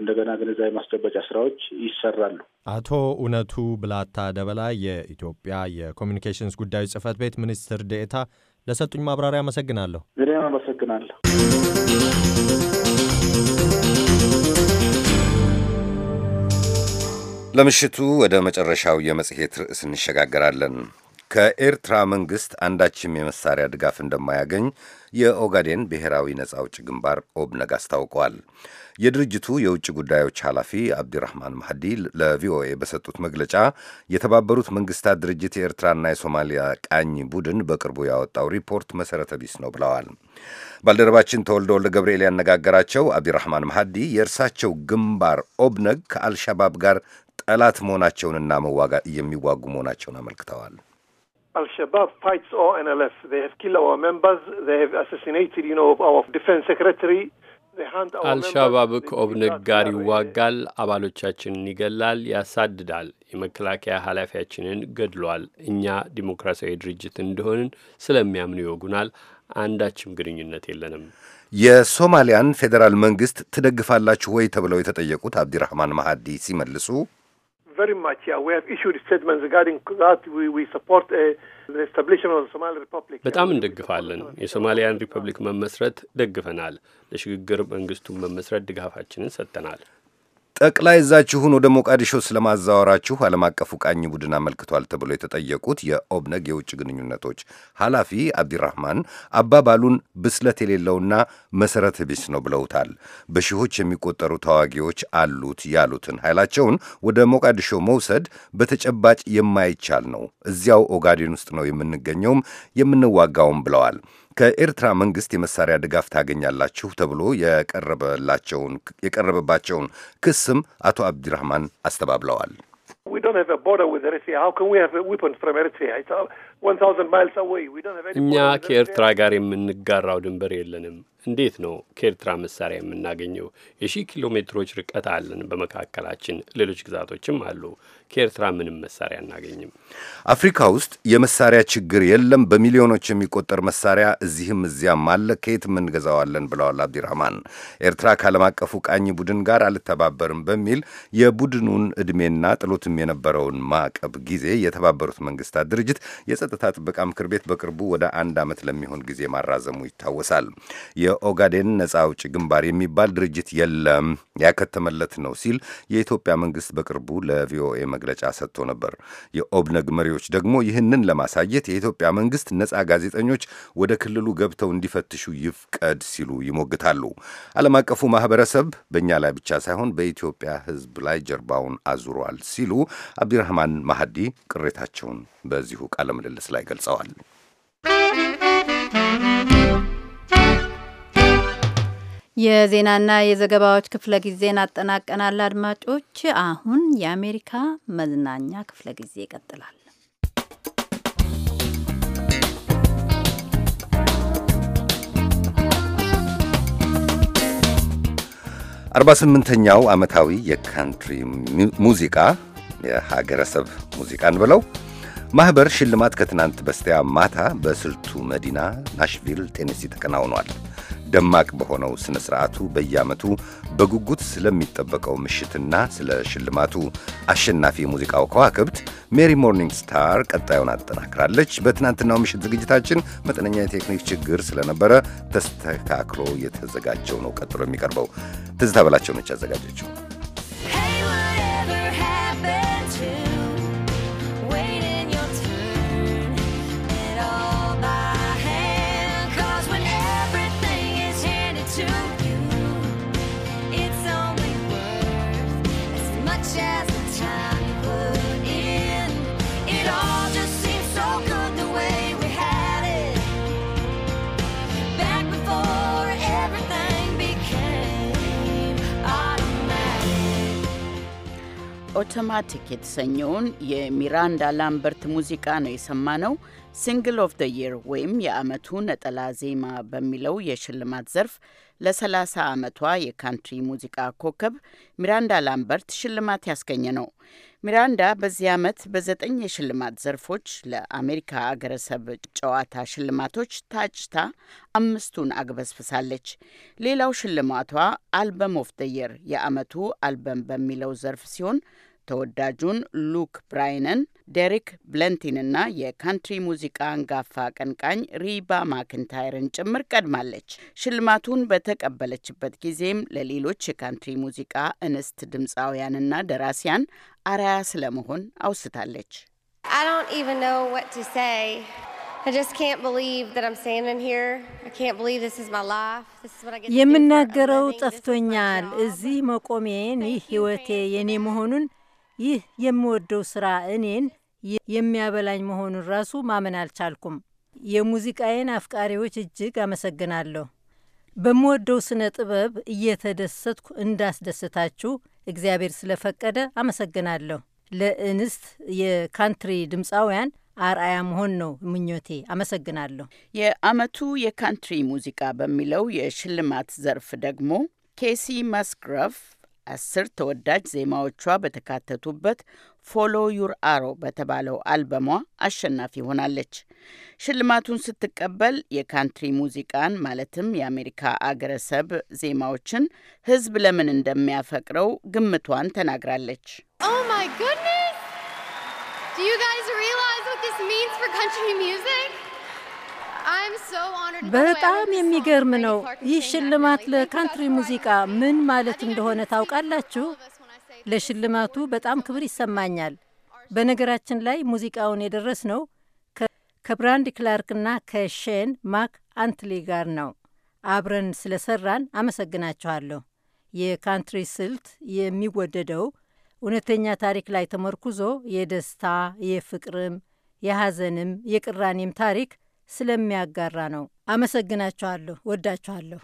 እንደገና ግንዛቤ ማስጨበጫ ስራዎች ይሰራሉ። አቶ እውነቱ ብላታ ደበላ የኢትዮጵያ የኮሚኒኬሽንስ ጉዳዮች ጽህፈት ቤት ሚኒስትር ዴኤታ ለሰጡኝ ማብራሪያ አመሰግናለሁ። እኔም አመሰግናለሁ። ለምሽቱ ወደ መጨረሻው የመጽሔት ርዕስ እንሸጋገራለን። ከኤርትራ መንግሥት አንዳችም የመሳሪያ ድጋፍ እንደማያገኝ የኦጋዴን ብሔራዊ ነጻ አውጭ ግንባር ኦብነግ አስታውቋል። የድርጅቱ የውጭ ጉዳዮች ኃላፊ አብዲራህማን ማህዲ ለቪኦኤ በሰጡት መግለጫ የተባበሩት መንግስታት ድርጅት የኤርትራና የሶማሊያ ቃኝ ቡድን በቅርቡ ያወጣው ሪፖርት መሠረተ ቢስ ነው ብለዋል። ባልደረባችን ተወልደ ወልደ ገብርኤል ያነጋገራቸው አብዲራህማን ማህዲ የእርሳቸው ግንባር ኦብነግ ከአልሻባብ ጋር ጠላት መሆናቸውንና መዋጋ የሚዋጉ መሆናቸውን አመልክተዋል። አልሸባብ ፋይትስ ኦኤንኤልኤፍ አልሻባብ ከኦብነግ ጋር ይዋጋል፣ አባሎቻችንን ይገላል፣ ያሳድዳል። የመከላከያ ኃላፊያችንን ገድሏል። እኛ ዲሞክራሲያዊ ድርጅት እንደሆንን ስለሚያምኑ ይወጉናል። አንዳችም ግንኙነት የለንም። የሶማሊያን ፌዴራል መንግስት ትደግፋላችሁ ወይ ተብለው የተጠየቁት አብዲራህማን ማሀዲ ሲመልሱ very much, yeah. We have issued statements regarding that. We, we support a, በጣም እንደግፋለን። የሶማሊያን ሪፐብሊክ መመስረት ደግፈናል። ለሽግግር መንግስቱን መመስረት ድጋፋችንን ሰጥተናል። ጠቅላይ እዛችሁን ወደ ሞቃዲሾ ስለማዛወራችሁ ዓለም አቀፉ ቃኝ ቡድን አመልክቷል ተብሎ የተጠየቁት የኦብነግ የውጭ ግንኙነቶች ኃላፊ አብዲራህማን አባባሉን ብስለት የሌለውና መሠረት ቢስ ነው ብለውታል። በሺዎች የሚቆጠሩ ተዋጊዎች አሉት ያሉትን ኃይላቸውን ወደ ሞቃዲሾ መውሰድ በተጨባጭ የማይቻል ነው። እዚያው ኦጋዴን ውስጥ ነው የምንገኘውም የምንዋጋውም ብለዋል። ከኤርትራ መንግስት የመሳሪያ ድጋፍ ታገኛላችሁ ተብሎ የቀረበላቸውን የቀረበባቸውን ክስም አቶ አብዲራህማን አስተባብለዋል። እኛ ከኤርትራ ጋር የምንጋራው ድንበር የለንም። እንዴት ነው ከኤርትራ መሳሪያ የምናገኘው? የሺህ ኪሎ ሜትሮች ርቀት አለን በመካከላችን፣ ሌሎች ግዛቶችም አሉ። ከኤርትራ ምንም መሳሪያ አናገኝም። አፍሪካ ውስጥ የመሳሪያ ችግር የለም። በሚሊዮኖች የሚቆጠር መሳሪያ እዚህም እዚያም አለ። ከየትም እንገዛዋለን ብለዋል አብዲራህማን። ኤርትራ ከዓለም አቀፉ ቃኝ ቡድን ጋር አልተባበርም በሚል የቡድኑን ዕድሜና ጥሎትም የነበረውን ማዕቀብ ጊዜ የተባበሩት መንግስታት ድርጅት የጸጥታ ጥበቃ ምክር ቤት በቅርቡ ወደ አንድ ዓመት ለሚሆን ጊዜ ማራዘሙ ይታወሳል። የኦጋዴን ነጻ አውጭ ግንባር የሚባል ድርጅት የለም ያከተመለት ነው ሲል የኢትዮጵያ መንግስት በቅርቡ ለቪኦኤ መግለጫ ሰጥቶ ነበር። የኦብነግ መሪዎች ደግሞ ይህንን ለማሳየት የኢትዮጵያ መንግስት ነጻ ጋዜጠኞች ወደ ክልሉ ገብተው እንዲፈትሹ ይፍቀድ ሲሉ ይሞግታሉ። ዓለም አቀፉ ማህበረሰብ በእኛ ላይ ብቻ ሳይሆን በኢትዮጵያ ሕዝብ ላይ ጀርባውን አዙሯል ሲሉ አብዲራህማን ማሀዲ ቅሬታቸውን በዚሁ ቃለ ምልልስ ላይ ገልጸዋል። የዜናና የዘገባዎች ክፍለ ጊዜን አጠናቀናል። አድማጮች፣ አሁን የአሜሪካ መዝናኛ ክፍለ ጊዜ ይቀጥላል። አርባ ስምንተኛው ዓመታዊ የካንትሪ ሙዚቃ የሀገረሰብ ሙዚቃን ብለው ማኅበር ሽልማት ከትናንት በስቲያ ማታ በስልቱ መዲና ናሽቪል ቴኔሲ ተከናውኗል። ደማቅ በሆነው ስነ ስርዓቱ በየዓመቱ በጉጉት ስለሚጠበቀው ምሽትና ስለ ሽልማቱ አሸናፊ የሙዚቃው ከዋክብት ሜሪ ሞርኒንግ ስታር ቀጣዩን አጠናክራለች። በትናንትናው ምሽት ዝግጅታችን መጠነኛ የቴክኒክ ችግር ስለነበረ ተስተካክሎ የተዘጋጀው ነው ቀጥሎ የሚቀርበው። ትዝታ በላቸው ነች ያዘጋጀችው። አውቶማቲክ የተሰኘውን የሚራንዳ ላምበርት ሙዚቃ ነው የሰማነው። ሲንግል ኦፍ ደ ይር ወይም የአመቱ ነጠላ ዜማ በሚለው የሽልማት ዘርፍ ለ30 ዓመቷ የካንትሪ ሙዚቃ ኮከብ ሚራንዳ ላምበርት ሽልማት ያስገኘ ነው። ሚራንዳ በዚህ ዓመት በዘጠኝ የሽልማት ዘርፎች ለአሜሪካ አገረሰብ ጨዋታ ሽልማቶች ታጭታ አምስቱን አግበስብሳለች። ሌላው ሽልማቷ አልበም ኦፍ ደየር የአመቱ አልበም በሚለው ዘርፍ ሲሆን ተወዳጁን ሉክ ብራይነን፣ ዴሪክ ብለንቲንና የካንትሪ ሙዚቃ አንጋፋ አቀንቃኝ ሪባ ማክንታይርን ጭምር ቀድማለች። ሽልማቱን በተቀበለችበት ጊዜም ለሌሎች የካንትሪ ሙዚቃ እንስት ድምፃውያንና ደራሲያን አርአያ ስለመሆን አውስታለች። የምናገረው ጠፍቶኛል። እዚህ መቆሜን ይህ ሕይወቴ የኔ መሆኑን ይህ የምወደው ስራ እኔን የሚያበላኝ መሆኑን ራሱ ማመን አልቻልኩም። የሙዚቃዬን አፍቃሪዎች እጅግ አመሰግናለሁ። በምወደው ስነ ጥበብ እየተደሰትኩ እንዳስደሰታችሁ እግዚአብሔር ስለፈቀደ አመሰግናለሁ። ለእንስት የካንትሪ ድምፃውያን አርአያ መሆን ነው ምኞቴ። አመሰግናለሁ። የአመቱ የካንትሪ ሙዚቃ በሚለው የሽልማት ዘርፍ ደግሞ ኬሲ መስግረፍ አስር ተወዳጅ ዜማዎቿ በተካተቱበት ፎሎ ዩር አሮ በተባለው አልበሟ አሸናፊ ሆናለች። ሽልማቱን ስትቀበል የካንትሪ ሙዚቃን ማለትም የአሜሪካ አገረሰብ ዜማዎችን ሕዝብ ለምን እንደሚያፈቅረው ግምቷን ተናግራለች። ኦ oh በጣም የሚገርም ነው። ይህ ሽልማት ለካንትሪ ሙዚቃ ምን ማለት እንደሆነ ታውቃላችሁ? ለሽልማቱ በጣም ክብር ይሰማኛል። በነገራችን ላይ ሙዚቃውን የደረስ ነው ከብራንድ ክላርክና ከሼን ማክ አንትሊ ጋር ነው። አብረን ስለሰራን አመሰግናችኋለሁ። የካንትሪ ስልት የሚወደደው እውነተኛ ታሪክ ላይ ተመርኩዞ የደስታ የፍቅርም የሐዘንም የቅራኔም ታሪክ ስለሚያጋራ ነው። አመሰግናችኋለሁ። ወዳችኋለሁ።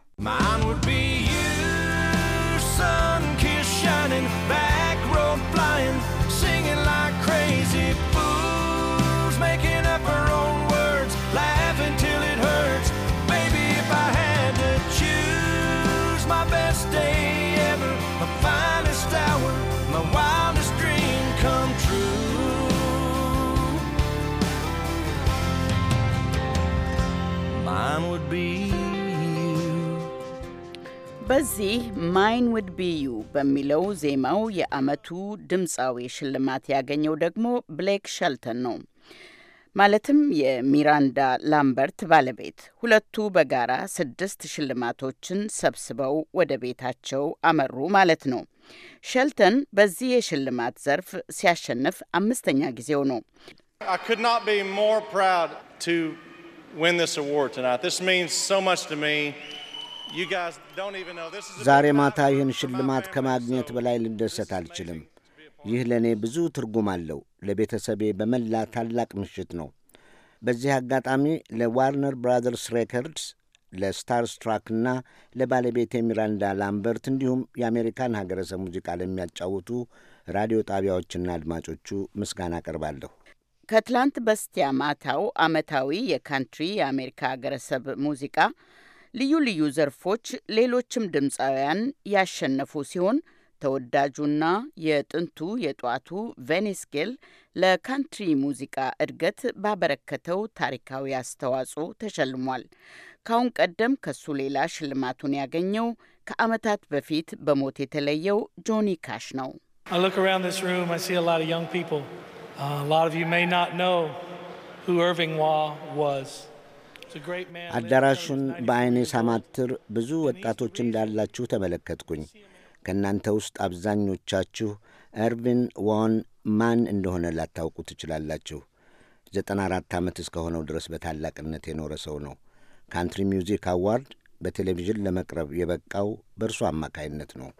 mine would be በዚህ ማይን ውድ ቢዩ በሚለው ዜማው የአመቱ ድምፃዊ ሽልማት ያገኘው ደግሞ ብሌክ ሸልተን ነው። ማለትም የሚራንዳ ላምበርት ባለቤት። ሁለቱ በጋራ ስድስት ሽልማቶችን ሰብስበው ወደ ቤታቸው አመሩ ማለት ነው። ሸልተን በዚህ የሽልማት ዘርፍ ሲያሸንፍ አምስተኛ ጊዜው ነው። win this award tonight. This means so much to me. You guys don't even know this is ዛሬ ማታ ይህን ሽልማት ከማግኘት በላይ ልደሰት አልችልም። ይህ ለእኔ ብዙ ትርጉም አለው። ለቤተሰቤ በመላ ታላቅ ምሽት ነው። በዚህ አጋጣሚ ለዋርነር ብራዘርስ ሬከርድስ፣ ለስታር ስትራክ እና ለባለቤቴ ሚራንዳ ላምበርት እንዲሁም የአሜሪካን ሀገረሰብ ሙዚቃ ለሚያጫውቱ ራዲዮ ጣቢያዎችና አድማጮቹ ምስጋና አቀርባለሁ። ከትላንት በስቲያ ማታው ዓመታዊ የካንትሪ የአሜሪካ ሀገረሰብ ሙዚቃ ልዩ ልዩ ዘርፎች ሌሎችም ድምፃውያን ያሸነፉ ሲሆን ተወዳጁና የጥንቱ የጧቱ ቬኒስ ጌል ለካንትሪ ሙዚቃ እድገት ባበረከተው ታሪካዊ አስተዋጽኦ ተሸልሟል። ካሁን ቀደም ከሱ ሌላ ሽልማቱን ያገኘው ከዓመታት በፊት በሞት የተለየው ጆኒ ካሽ ነው። አዳራሹን በአይኔ ሳማትር ብዙ ወጣቶች እንዳላችሁ ተመለከትኩኝ። ከእናንተ ውስጥ አብዛኞቻችሁ እርቪን ዋን ማን እንደሆነ ላታውቁ ትችላላችሁ። አራት ዓመት እስከሆነው ድረስ በታላቅነት የኖረ ሰው ነው። ካንትሪ ሚውዚክ አዋርድ በቴሌቪዥን ለመቅረብ የበቃው በእርሱ አማካይነት ነው።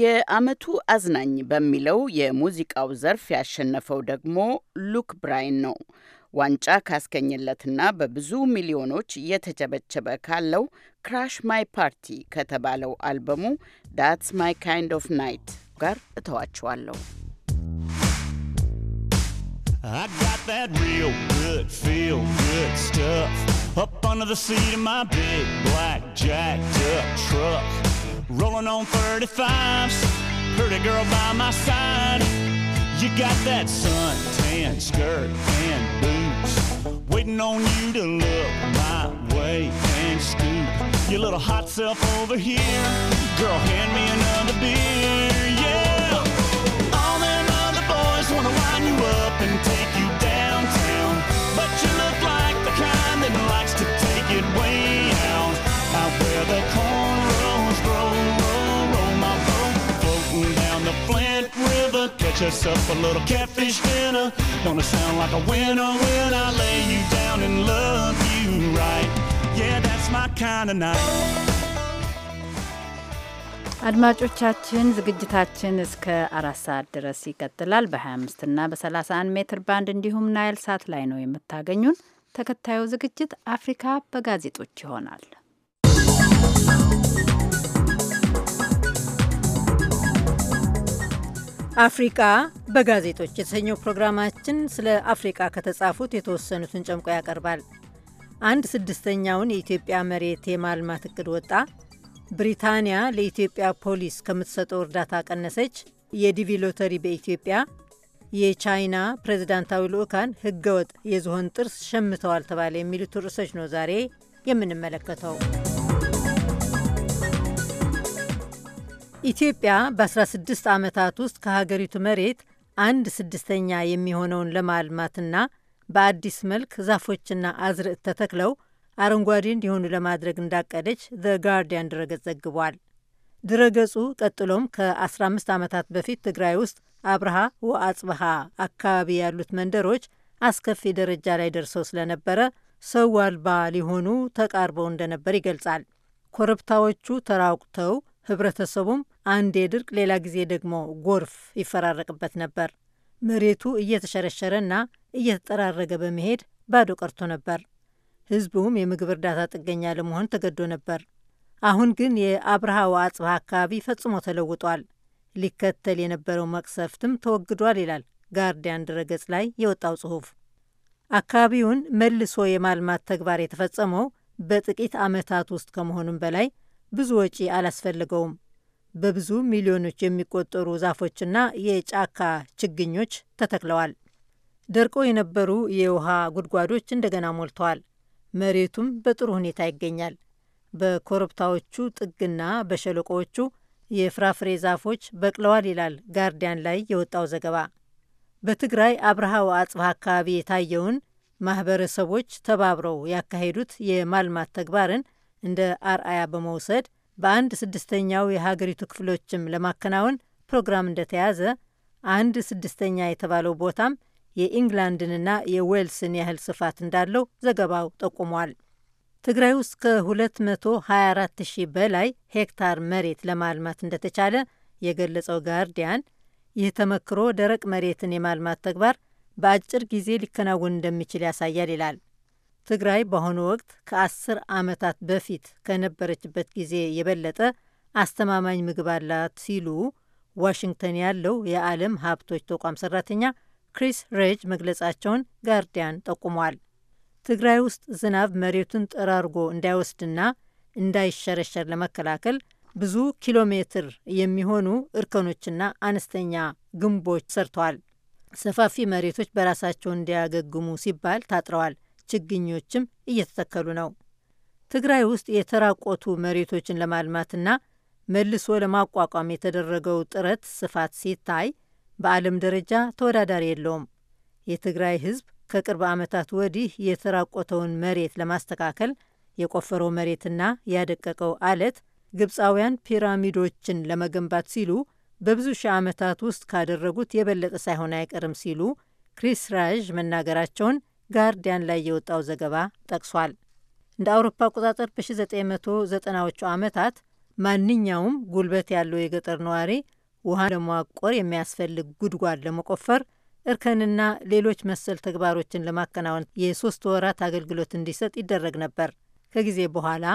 የአመቱ አዝናኝ በሚለው የሙዚቃው ዘርፍ ያሸነፈው ደግሞ ሉክ ብራይን ነው። ዋንጫ ካስገኘለትና በብዙ ሚሊዮኖች እየተቸበቸበ ካለው ክራሽ ማይ ፓርቲ ከተባለው አልበሙ ዳትስ ማይ ካይንድ ኦፍ ናይት ጋር እተዋቸዋለሁ። I got that real good, feel good stuff up under the seat of my big black jacked up truck. Rolling on 35s, pretty girl by my side. You got that suntan skirt and boots, waiting on you to look my way and scoop your little hot self over here. Girl, hand me another beer, yeah. All them other boys wanna wind you up and take get yourself a little catfish dinner. Gonna sound like a winner when I lay you down and love you right. Yeah, that's my kind of night. አድማጮቻችን ዝግጅታችን እስከ አራት ሰዓት ድረስ ይቀጥላል። በ25 እና በ31 ሜትር ባንድ እንዲሁም ናይል ሳት ላይ ነው የምታገኙን። ተከታዩ ዝግጅት አፍሪካ በጋዜጦች ይሆናል። አፍሪቃ በጋዜጦች የተሰኘው ፕሮግራማችን ስለ አፍሪቃ ከተጻፉት የተወሰኑትን ጨምቆ ያቀርባል። አንድ ስድስተኛውን የኢትዮጵያ መሬት የማልማት እቅድ ወጣ፣ ብሪታንያ ለኢትዮጵያ ፖሊስ ከምትሰጠው እርዳታ ቀነሰች፣ የዲቪ ሎተሪ በኢትዮጵያ፣ የቻይና ፕሬዚዳንታዊ ልዑካን ህገወጥ የዝሆን ጥርስ ሸምተዋል ተባለ የሚሉት ርዕሶች ነው ዛሬ የምንመለከተው። ኢትዮጵያ በ16 ዓመታት ውስጥ ከሀገሪቱ መሬት አንድ ስድስተኛ የሚሆነውን ለማልማትና በአዲስ መልክ ዛፎችና አዝርዕት ተተክለው አረንጓዴ እንዲሆኑ ለማድረግ እንዳቀደች ዘ ጋርዲያን ድረገጽ ዘግቧል። ድረገጹ ቀጥሎም ከ15 ዓመታት በፊት ትግራይ ውስጥ አብርሃ ወአጽብሃ አካባቢ ያሉት መንደሮች አስከፊ ደረጃ ላይ ደርሰው ስለነበረ ሰው አልባ ሊሆኑ ተቃርበው እንደነበር ይገልጻል። ኮረብታዎቹ ተራቁተው ህብረተሰቡም አንዴ ድርቅ፣ ሌላ ጊዜ ደግሞ ጎርፍ ይፈራረቅበት ነበር። መሬቱ እየተሸረሸረና እየተጠራረገ በመሄድ ባዶ ቀርቶ ነበር። ህዝቡም የምግብ እርዳታ ጥገኛ ለመሆን ተገዶ ነበር። አሁን ግን የአብርሃ ወአጽብሃ አካባቢ ፈጽሞ ተለውጧል። ሊከተል የነበረው መቅሰፍትም ተወግዷል ይላል ጋርዲያን ድረገጽ ላይ የወጣው ጽሑፍ። አካባቢውን መልሶ የማልማት ተግባር የተፈጸመው በጥቂት ዓመታት ውስጥ ከመሆኑም በላይ ብዙ ወጪ አላስፈልገውም። በብዙ ሚሊዮኖች የሚቆጠሩ ዛፎችና የጫካ ችግኞች ተተክለዋል። ደርቀው የነበሩ የውሃ ጉድጓዶች እንደገና ሞልተዋል። መሬቱም በጥሩ ሁኔታ ይገኛል። በኮረብታዎቹ ጥግና በሸለቆዎቹ የፍራፍሬ ዛፎች በቅለዋል ይላል ጋርዲያን ላይ የወጣው ዘገባ። በትግራይ አብርሃው አጽባ አካባቢ የታየውን ማህበረሰቦች ተባብረው ያካሄዱት የማልማት ተግባርን እንደ አርአያ በመውሰድ በአንድ ስድስተኛው የሀገሪቱ ክፍሎችም ለማከናወን ፕሮግራም እንደተያዘ አንድ ስድስተኛ የተባለው ቦታም የኢንግላንድንና የዌልስን ያህል ስፋት እንዳለው ዘገባው ጠቁሟል። ትግራይ ውስጥ ከ224 ሺህ በላይ ሄክታር መሬት ለማልማት እንደተቻለ የገለጸው ጋርዲያን ይህ ተመክሮ ደረቅ መሬትን የማልማት ተግባር በአጭር ጊዜ ሊከናወን እንደሚችል ያሳያል ይላል። ትግራይ በአሁኑ ወቅት ከአስር ዓመታት በፊት ከነበረችበት ጊዜ የበለጠ አስተማማኝ ምግብ አላት ሲሉ ዋሽንግተን ያለው የዓለም ሀብቶች ተቋም ሰራተኛ ክሪስ ሬጅ መግለጻቸውን ጋርዲያን ጠቁሟል። ትግራይ ውስጥ ዝናብ መሬቱን ጠራርጎ እንዳይወስድና እንዳይሸረሸር ለመከላከል ብዙ ኪሎ ሜትር የሚሆኑ እርከኖችና አነስተኛ ግንቦች ሰርተዋል። ሰፋፊ መሬቶች በራሳቸው እንዲያገግሙ ሲባል ታጥረዋል። ችግኞችም እየተተከሉ ነው። ትግራይ ውስጥ የተራቆቱ መሬቶችን ለማልማትና መልሶ ለማቋቋም የተደረገው ጥረት ስፋት ሲታይ በዓለም ደረጃ ተወዳዳሪ የለውም። የትግራይ ሕዝብ ከቅርብ ዓመታት ወዲህ የተራቆተውን መሬት ለማስተካከል የቆፈረው መሬትና ያደቀቀው አለት ግብፃውያን ፒራሚዶችን ለመገንባት ሲሉ በብዙ ሺህ ዓመታት ውስጥ ካደረጉት የበለጠ ሳይሆን አይቀርም ሲሉ ክሪስ ራዥ መናገራቸውን ጋርዲያን ላይ የወጣው ዘገባ ጠቅሷል። እንደ አውሮፓ አቆጣጠር በ1990ዎቹ ዓመታት ማንኛውም ጉልበት ያለው የገጠር ነዋሪ ውሃ ለማቆር የሚያስፈልግ ጉድጓድ ለመቆፈር እርከንና ሌሎች መሰል ተግባሮችን ለማከናወን የሶስት ወራት አገልግሎት እንዲሰጥ ይደረግ ነበር። ከጊዜ በኋላ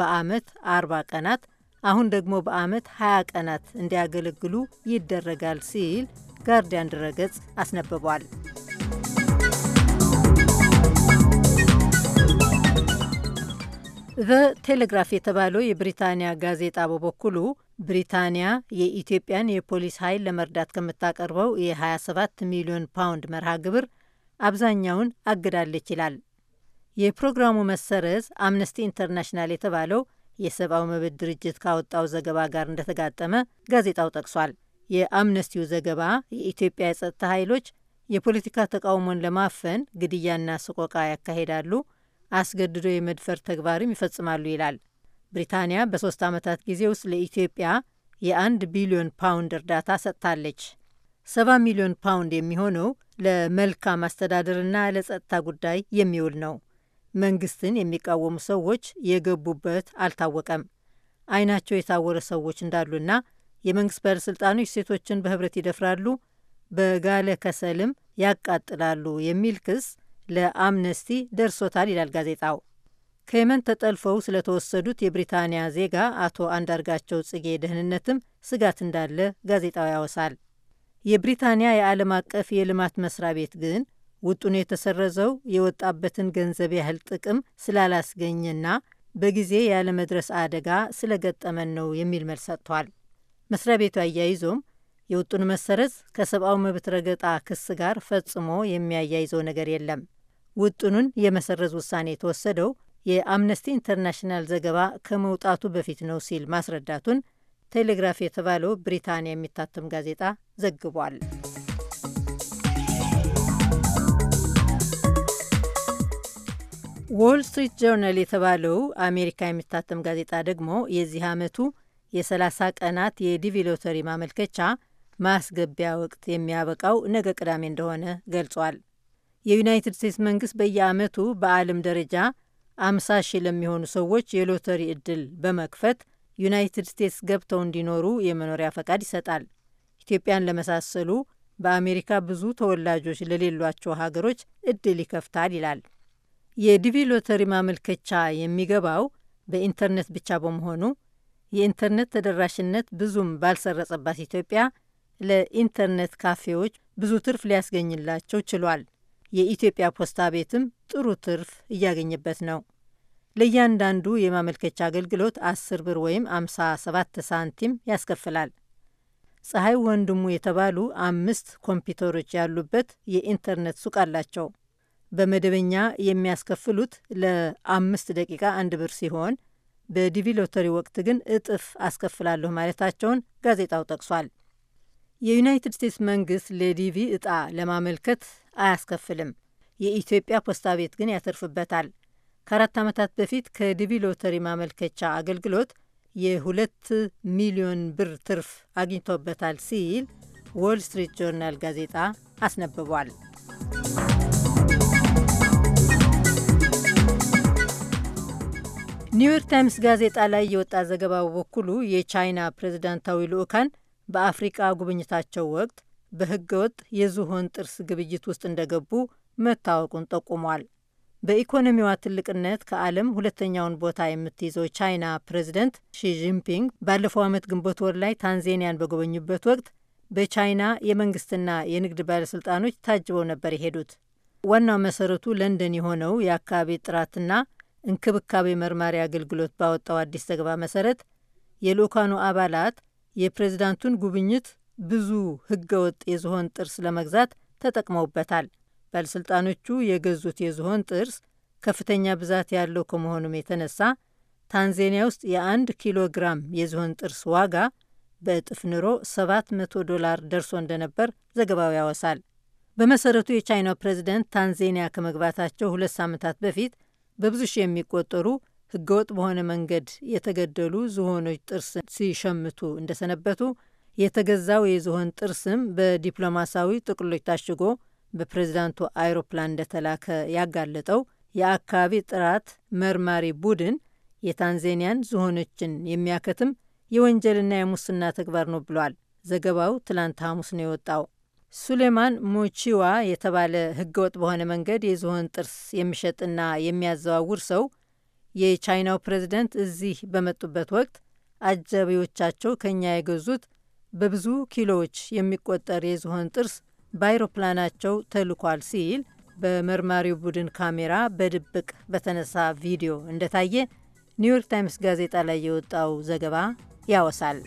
በአመት አርባ ቀናት አሁን ደግሞ በአመት 20 ቀናት እንዲያገለግሉ ይደረጋል ሲል ጋርዲያን ድረገጽ አስነብቧል። ዘ ቴሌግራፍ የተባለው የብሪታንያ ጋዜጣ በበኩሉ ብሪታንያ የኢትዮጵያን የፖሊስ ኃይል ለመርዳት ከምታቀርበው የ27 ሚሊዮን ፓውንድ መርሃ ግብር አብዛኛውን አግዳለች ይላል። የፕሮግራሙ መሰረዝ አምነስቲ ኢንተርናሽናል የተባለው የሰብአዊ መብት ድርጅት ካወጣው ዘገባ ጋር እንደተጋጠመ ጋዜጣው ጠቅሷል። የአምነስቲው ዘገባ የኢትዮጵያ የጸጥታ ኃይሎች የፖለቲካ ተቃውሞን ለማፈን ግድያና ስቆቃ ያካሂዳሉ አስገድዶ የመድፈር ተግባርም ይፈጽማሉ ይላል። ብሪታንያ በሶስት ዓመታት ጊዜ ውስጥ ለኢትዮጵያ የአንድ ቢሊዮን ፓውንድ እርዳታ ሰጥታለች። ሰባ ሚሊዮን ፓውንድ የሚሆነው ለመልካም አስተዳደርና ለጸጥታ ጉዳይ የሚውል ነው። መንግስትን የሚቃወሙ ሰዎች የገቡበት አልታወቀም። አይናቸው የታወረ ሰዎች እንዳሉና የመንግስት ባለሥልጣኖች ሴቶችን በህብረት ይደፍራሉ፣ በጋለ ከሰልም ያቃጥላሉ የሚል ክስ ለአምነስቲ ደርሶታል ይላል ጋዜጣው። ከየመን ተጠልፈው ስለተወሰዱት የብሪታንያ ዜጋ አቶ አንዳርጋቸው ጽጌ ደህንነትም ስጋት እንዳለ ጋዜጣው ያወሳል። የብሪታንያ የዓለም አቀፍ የልማት መስሪያ ቤት ግን ውጡን የተሰረዘው የወጣበትን ገንዘብ ያህል ጥቅም ስላላስገኘና በጊዜ ያለመድረስ አደጋ ስለገጠመን ነው የሚል መልስ ሰጥቷል። መስሪያ ቤቱ አያይዞም የውጡን መሰረዝ ከሰብአዊ መብት ረገጣ ክስ ጋር ፈጽሞ የሚያያይዘው ነገር የለም ውጡኑን የመሰረዝ ውሳኔ የተወሰደው የአምነስቲ ኢንተርናሽናል ዘገባ ከመውጣቱ በፊት ነው ሲል ማስረዳቱን ቴሌግራፍ የተባለው ብሪታንያ የሚታተም ጋዜጣ ዘግቧል። ዎል ስትሪት ጆርናል የተባለው አሜሪካ የሚታተም ጋዜጣ ደግሞ የዚህ ዓመቱ የ30 ቀናት የዲቪ ሎተሪ ማመልከቻ ማስገቢያ ወቅት የሚያበቃው ነገ ቅዳሜ እንደሆነ ገልጿል። የዩናይትድ ስቴትስ መንግስት በየአመቱ በዓለም ደረጃ አምሳ ሺህ ለሚሆኑ ሰዎች የሎተሪ እድል በመክፈት ዩናይትድ ስቴትስ ገብተው እንዲኖሩ የመኖሪያ ፈቃድ ይሰጣል። ኢትዮጵያን ለመሳሰሉ በአሜሪካ ብዙ ተወላጆች ለሌሏቸው ሀገሮች እድል ይከፍታል ይላል። የዲቪ ሎተሪ ማመልከቻ የሚገባው በኢንተርኔት ብቻ በመሆኑ የኢንተርኔት ተደራሽነት ብዙም ባልሰረጸባት ኢትዮጵያ ለኢንተርኔት ካፌዎች ብዙ ትርፍ ሊያስገኝላቸው ችሏል። የኢትዮጵያ ፖስታ ቤትም ጥሩ ትርፍ እያገኘበት ነው። ለእያንዳንዱ የማመልከቻ አገልግሎት 10 ብር ወይም 57 ሳንቲም ያስከፍላል። ፀሐይ ወንድሙ የተባሉ አምስት ኮምፒውተሮች ያሉበት የኢንተርኔት ሱቅ አላቸው። በመደበኛ የሚያስከፍሉት ለአምስት ደቂቃ አንድ ብር ሲሆን በዲቪ ሎተሪ ወቅት ግን እጥፍ አስከፍላለሁ ማለታቸውን ጋዜጣው ጠቅሷል። የዩናይትድ ስቴትስ መንግስት ለዲቪ እጣ ለማመልከት አያስከፍልም። የኢትዮጵያ ፖስታ ቤት ግን ያተርፍበታል። ከአራት ዓመታት በፊት ከዲቪ ሎተሪ ማመልከቻ አገልግሎት የሁለት ሚሊዮን ብር ትርፍ አግኝቶበታል ሲል ዎል ስትሪት ጆርናል ጋዜጣ አስነብቧል። ኒውዮርክ ታይምስ ጋዜጣ ላይ የወጣ ዘገባ በበኩሉ የቻይና ፕሬዝዳንታዊ ልዑካን በአፍሪቃ ጉብኝታቸው ወቅት በህገወጥ የዝሆን ጥርስ ግብይት ውስጥ እንደገቡ መታወቁን ጠቁሟል። በኢኮኖሚዋ ትልቅነት ከዓለም ሁለተኛውን ቦታ የምትይዘው ቻይና ፕሬዚደንት ሺጂንፒንግ ባለፈው ዓመት ግንቦት ወር ላይ ታንዜኒያን በጎበኙበት ወቅት በቻይና የመንግስትና የንግድ ባለሥልጣኖች ታጅበው ነበር የሄዱት። ዋናው መሰረቱ ለንደን የሆነው የአካባቢ ጥራትና እንክብካቤ መርማሪ አገልግሎት ባወጣው አዲስ ዘገባ መሰረት የልኡካኑ አባላት የፕሬዝዳንቱን ጉብኝት ብዙ ህገወጥ የዝሆን ጥርስ ለመግዛት ተጠቅመውበታል። ባለሥልጣኖቹ የገዙት የዝሆን ጥርስ ከፍተኛ ብዛት ያለው ከመሆኑም የተነሳ ታንዛኒያ ውስጥ የአንድ ኪሎ ግራም የዝሆን ጥርስ ዋጋ በእጥፍ ኑሮ 700 ዶላር ደርሶ እንደነበር ዘገባው ያወሳል። በመሰረቱ የቻይናው ፕሬዚደንት ታንዛኒያ ከመግባታቸው ሁለት ሳምንታት በፊት በብዙ ሺህ የሚቆጠሩ ህገወጥ በሆነ መንገድ የተገደሉ ዝሆኖች ጥርስ ሲሸምቱ እንደሰነበቱ የተገዛው የዝሆን ጥርስም በዲፕሎማሲያዊ ጥቅሎች ታሽጎ በፕሬዚዳንቱ አይሮፕላን እንደተላከ ያጋለጠው የአካባቢ ጥራት መርማሪ ቡድን የታንዜኒያን ዝሆኖችን የሚያከትም የወንጀልና የሙስና ተግባር ነው ብሏል። ዘገባው ትላንት ሐሙስ ነው የወጣው። ሱሌማን ሞቺዋ የተባለ ህገወጥ በሆነ መንገድ የዝሆን ጥርስ የሚሸጥና የሚያዘዋውር ሰው የቻይናው ፕሬዚደንት እዚህ በመጡበት ወቅት አጃቢዎቻቸው ከእኛ የገዙት በብዙ ኪሎዎች የሚቆጠር የዝሆን ጥርስ በአይሮፕላናቸው ተልኳል ሲል በመርማሪው ቡድን ካሜራ በድብቅ በተነሳ ቪዲዮ እንደታየ ኒውዮርክ ታይምስ ጋዜጣ ላይ የወጣው ዘገባ ያወሳል።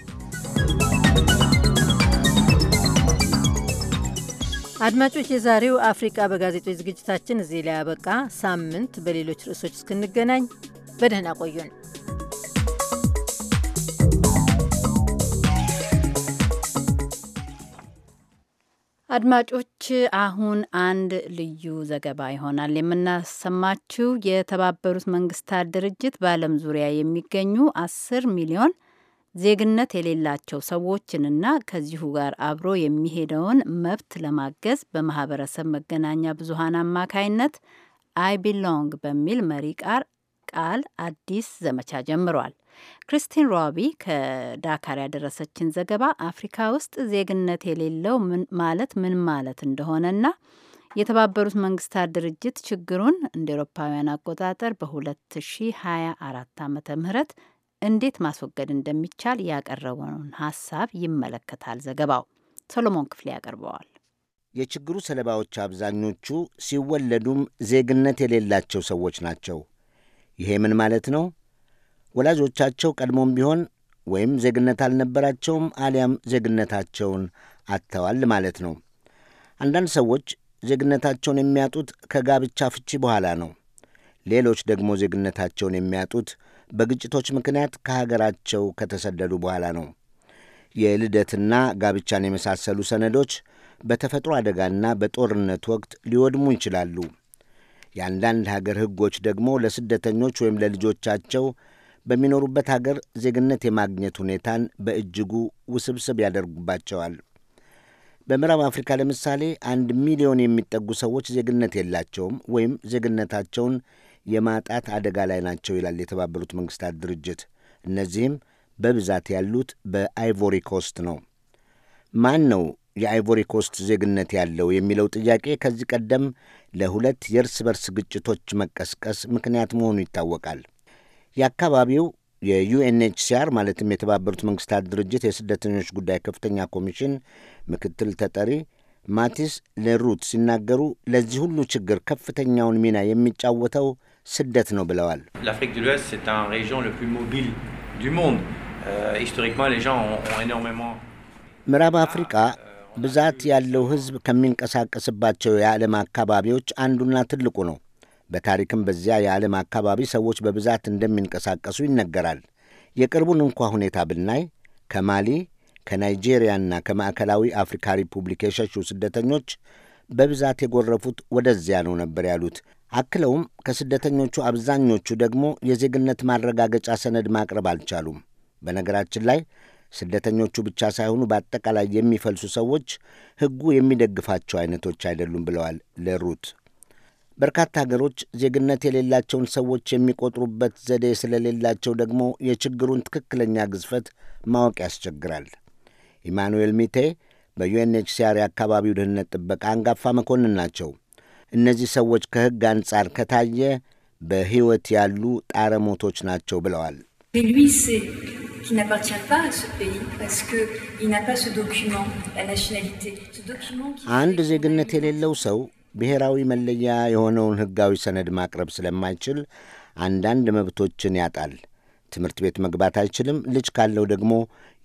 አድማጮች፣ የዛሬው አፍሪቃ በጋዜጦች ዝግጅታችን እዚህ ላይ ያበቃ። ሳምንት በሌሎች ርዕሶች እስክንገናኝ በደህና ቆዩን። አድማጮች አሁን አንድ ልዩ ዘገባ ይሆናል የምናሰማችው። የተባበሩት መንግስታት ድርጅት በዓለም ዙሪያ የሚገኙ አስር ሚሊዮን ዜግነት የሌላቸው ሰዎችንና ከዚሁ ጋር አብሮ የሚሄደውን መብት ለማገዝ በማህበረሰብ መገናኛ ብዙሀን አማካይነት አይ ቢሎንግ በሚል መሪ ቃል አዲስ ዘመቻ ጀምሯል። ክርስቲን ሮቢ ከዳካር ያደረሰችን ዘገባ አፍሪካ ውስጥ ዜግነት የሌለው ማለት ምን ማለት እንደሆነና የተባበሩት መንግስታት ድርጅት ችግሩን እንደ ኤሮፓውያን አቆጣጠር በ2024 ዓ ም እንዴት ማስወገድ እንደሚቻል ያቀረበውን ሀሳብ ይመለከታል ዘገባው። ሰሎሞን ክፍሌ ያቀርበዋል። የችግሩ ሰለባዎች አብዛኞቹ ሲወለዱም ዜግነት የሌላቸው ሰዎች ናቸው። ይሄ ምን ማለት ነው? ወላጆቻቸው ቀድሞም ቢሆን ወይም ዜግነት አልነበራቸውም አሊያም ዜግነታቸውን አጥተዋል ማለት ነው። አንዳንድ ሰዎች ዜግነታቸውን የሚያጡት ከጋብቻ ፍቺ በኋላ ነው። ሌሎች ደግሞ ዜግነታቸውን የሚያጡት በግጭቶች ምክንያት ከሀገራቸው ከተሰደዱ በኋላ ነው። የልደትና ጋብቻን የመሳሰሉ ሰነዶች በተፈጥሮ አደጋና በጦርነት ወቅት ሊወድሙ ይችላሉ። የአንዳንድ ሀገር ሕጎች ደግሞ ለስደተኞች ወይም ለልጆቻቸው በሚኖሩበት ሀገር ዜግነት የማግኘት ሁኔታን በእጅጉ ውስብስብ ያደርጉባቸዋል። በምዕራብ አፍሪካ ለምሳሌ አንድ ሚሊዮን የሚጠጉ ሰዎች ዜግነት የላቸውም ወይም ዜግነታቸውን የማጣት አደጋ ላይ ናቸው ይላል የተባበሩት መንግስታት ድርጅት። እነዚህም በብዛት ያሉት በአይቮሪ ኮስት ነው። ማን ነው የአይቮሪ ኮስት ዜግነት ያለው የሚለው ጥያቄ ከዚህ ቀደም ለሁለት የእርስ በርስ ግጭቶች መቀስቀስ ምክንያት መሆኑ ይታወቃል። የአካባቢው የዩኤንኤችሲአር ማለትም የተባበሩት መንግስታት ድርጅት የስደተኞች ጉዳይ ከፍተኛ ኮሚሽን ምክትል ተጠሪ ማቲስ ለሩት ሲናገሩ ለዚህ ሁሉ ችግር ከፍተኛውን ሚና የሚጫወተው ስደት ነው ብለዋል። euh, ምዕራብ አፍሪቃ ብዛት ያለው ህዝብ ከሚንቀሳቀስባቸው የዓለም አካባቢዎች አንዱና ትልቁ ነው። በታሪክም በዚያ የዓለም አካባቢ ሰዎች በብዛት እንደሚንቀሳቀሱ ይነገራል። የቅርቡን እንኳ ሁኔታ ብናይ ከማሊ ከናይጄሪያና ከማዕከላዊ አፍሪካ ሪፑብሊክ የሸሹ ስደተኞች በብዛት የጎረፉት ወደዚያ ነው ነበር ያሉት። አክለውም ከስደተኞቹ አብዛኞቹ ደግሞ የዜግነት ማረጋገጫ ሰነድ ማቅረብ አልቻሉም። በነገራችን ላይ ስደተኞቹ ብቻ ሳይሆኑ በአጠቃላይ የሚፈልሱ ሰዎች ሕጉ የሚደግፋቸው አይነቶች አይደሉም ብለዋል ለሩት በርካታ ሀገሮች ዜግነት የሌላቸውን ሰዎች የሚቆጥሩበት ዘዴ ስለሌላቸው ደግሞ የችግሩን ትክክለኛ ግዝፈት ማወቅ ያስቸግራል። ኢማኑኤል ሚቴ በዩኤንኤችሲአር የአካባቢው ደህንነት ጥበቃ አንጋፋ መኮንን ናቸው። እነዚህ ሰዎች ከሕግ አንጻር ከታየ በሕይወት ያሉ ጣረሞቶች ናቸው ብለዋል። አንድ ዜግነት የሌለው ሰው ብሔራዊ መለያ የሆነውን ሕጋዊ ሰነድ ማቅረብ ስለማይችል አንዳንድ መብቶችን ያጣል። ትምህርት ቤት መግባት አይችልም። ልጅ ካለው ደግሞ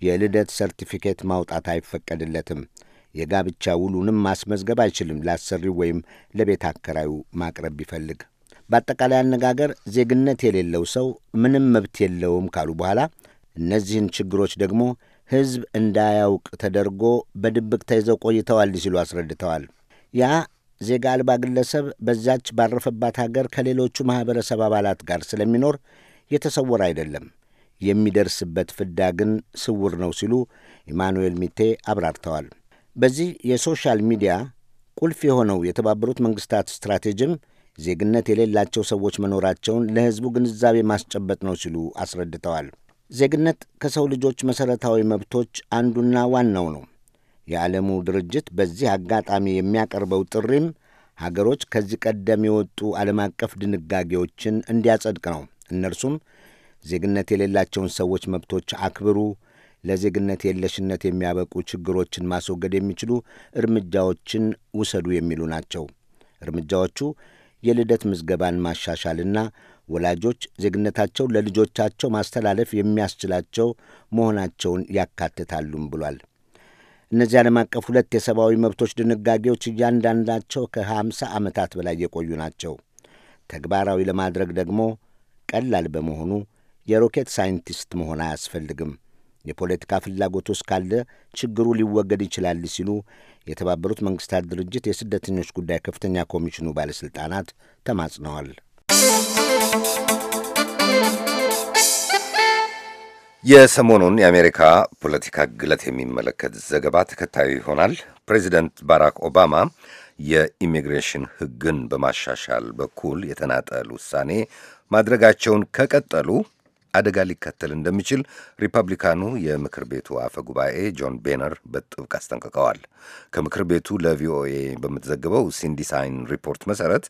የልደት ሰርቲፊኬት ማውጣት አይፈቀድለትም። የጋብቻ ውሉንም ማስመዝገብ አይችልም፣ ለአሰሪው ወይም ለቤት አከራዩ ማቅረብ ቢፈልግ። በአጠቃላይ አነጋገር ዜግነት የሌለው ሰው ምንም መብት የለውም ካሉ በኋላ እነዚህን ችግሮች ደግሞ ሕዝብ እንዳያውቅ ተደርጎ በድብቅ ተይዘው ቆይተዋል ሲሉ አስረድተዋል። ያ ዜጋ አልባ ግለሰብ በዛች ባረፈባት ሀገር ከሌሎቹ ማኅበረሰብ አባላት ጋር ስለሚኖር የተሰወረ አይደለም። የሚደርስበት ፍዳ ግን ስውር ነው ሲሉ ኢማኑኤል ሚቴ አብራርተዋል። በዚህ የሶሻል ሚዲያ ቁልፍ የሆነው የተባበሩት መንግሥታት ስትራቴጂም ዜግነት የሌላቸው ሰዎች መኖራቸውን ለሕዝቡ ግንዛቤ ማስጨበጥ ነው ሲሉ አስረድተዋል። ዜግነት ከሰው ልጆች መሠረታዊ መብቶች አንዱና ዋናው ነው። የዓለሙ ድርጅት በዚህ አጋጣሚ የሚያቀርበው ጥሪም ሀገሮች ከዚህ ቀደም የወጡ ዓለም አቀፍ ድንጋጌዎችን እንዲያጸድቅ ነው። እነርሱም ዜግነት የሌላቸውን ሰዎች መብቶች አክብሩ፣ ለዜግነት የለሽነት የሚያበቁ ችግሮችን ማስወገድ የሚችሉ እርምጃዎችን ውሰዱ የሚሉ ናቸው። እርምጃዎቹ የልደት ምዝገባን ማሻሻልና ወላጆች ዜግነታቸው ለልጆቻቸው ማስተላለፍ የሚያስችላቸው መሆናቸውን ያካትታሉም ብሏል። እነዚህ ዓለም አቀፍ ሁለት የሰብአዊ መብቶች ድንጋጌዎች እያንዳንዳቸው ከ50 ዓመታት በላይ የቆዩ ናቸው። ተግባራዊ ለማድረግ ደግሞ ቀላል በመሆኑ የሮኬት ሳይንቲስት መሆን አያስፈልግም። የፖለቲካ ፍላጎት ውስጥ ካለ ችግሩ ሊወገድ ይችላል ሲሉ የተባበሩት መንግስታት ድርጅት የስደተኞች ጉዳይ ከፍተኛ ኮሚሽኑ ባለሥልጣናት ተማጽነዋል። የሰሞኑን የአሜሪካ ፖለቲካ ግለት የሚመለከት ዘገባ ተከታዩ ይሆናል። ፕሬዚደንት ባራክ ኦባማ የኢሚግሬሽን ሕግን በማሻሻል በኩል የተናጠል ውሳኔ ማድረጋቸውን ከቀጠሉ አደጋ ሊከተል እንደሚችል ሪፐብሊካኑ የምክር ቤቱ አፈ ጉባኤ ጆን ቤነር በጥብቅ አስጠንቅቀዋል። ከምክር ቤቱ ለቪኦኤ በምትዘግበው ሲንዲሳይን ሪፖርት መሠረት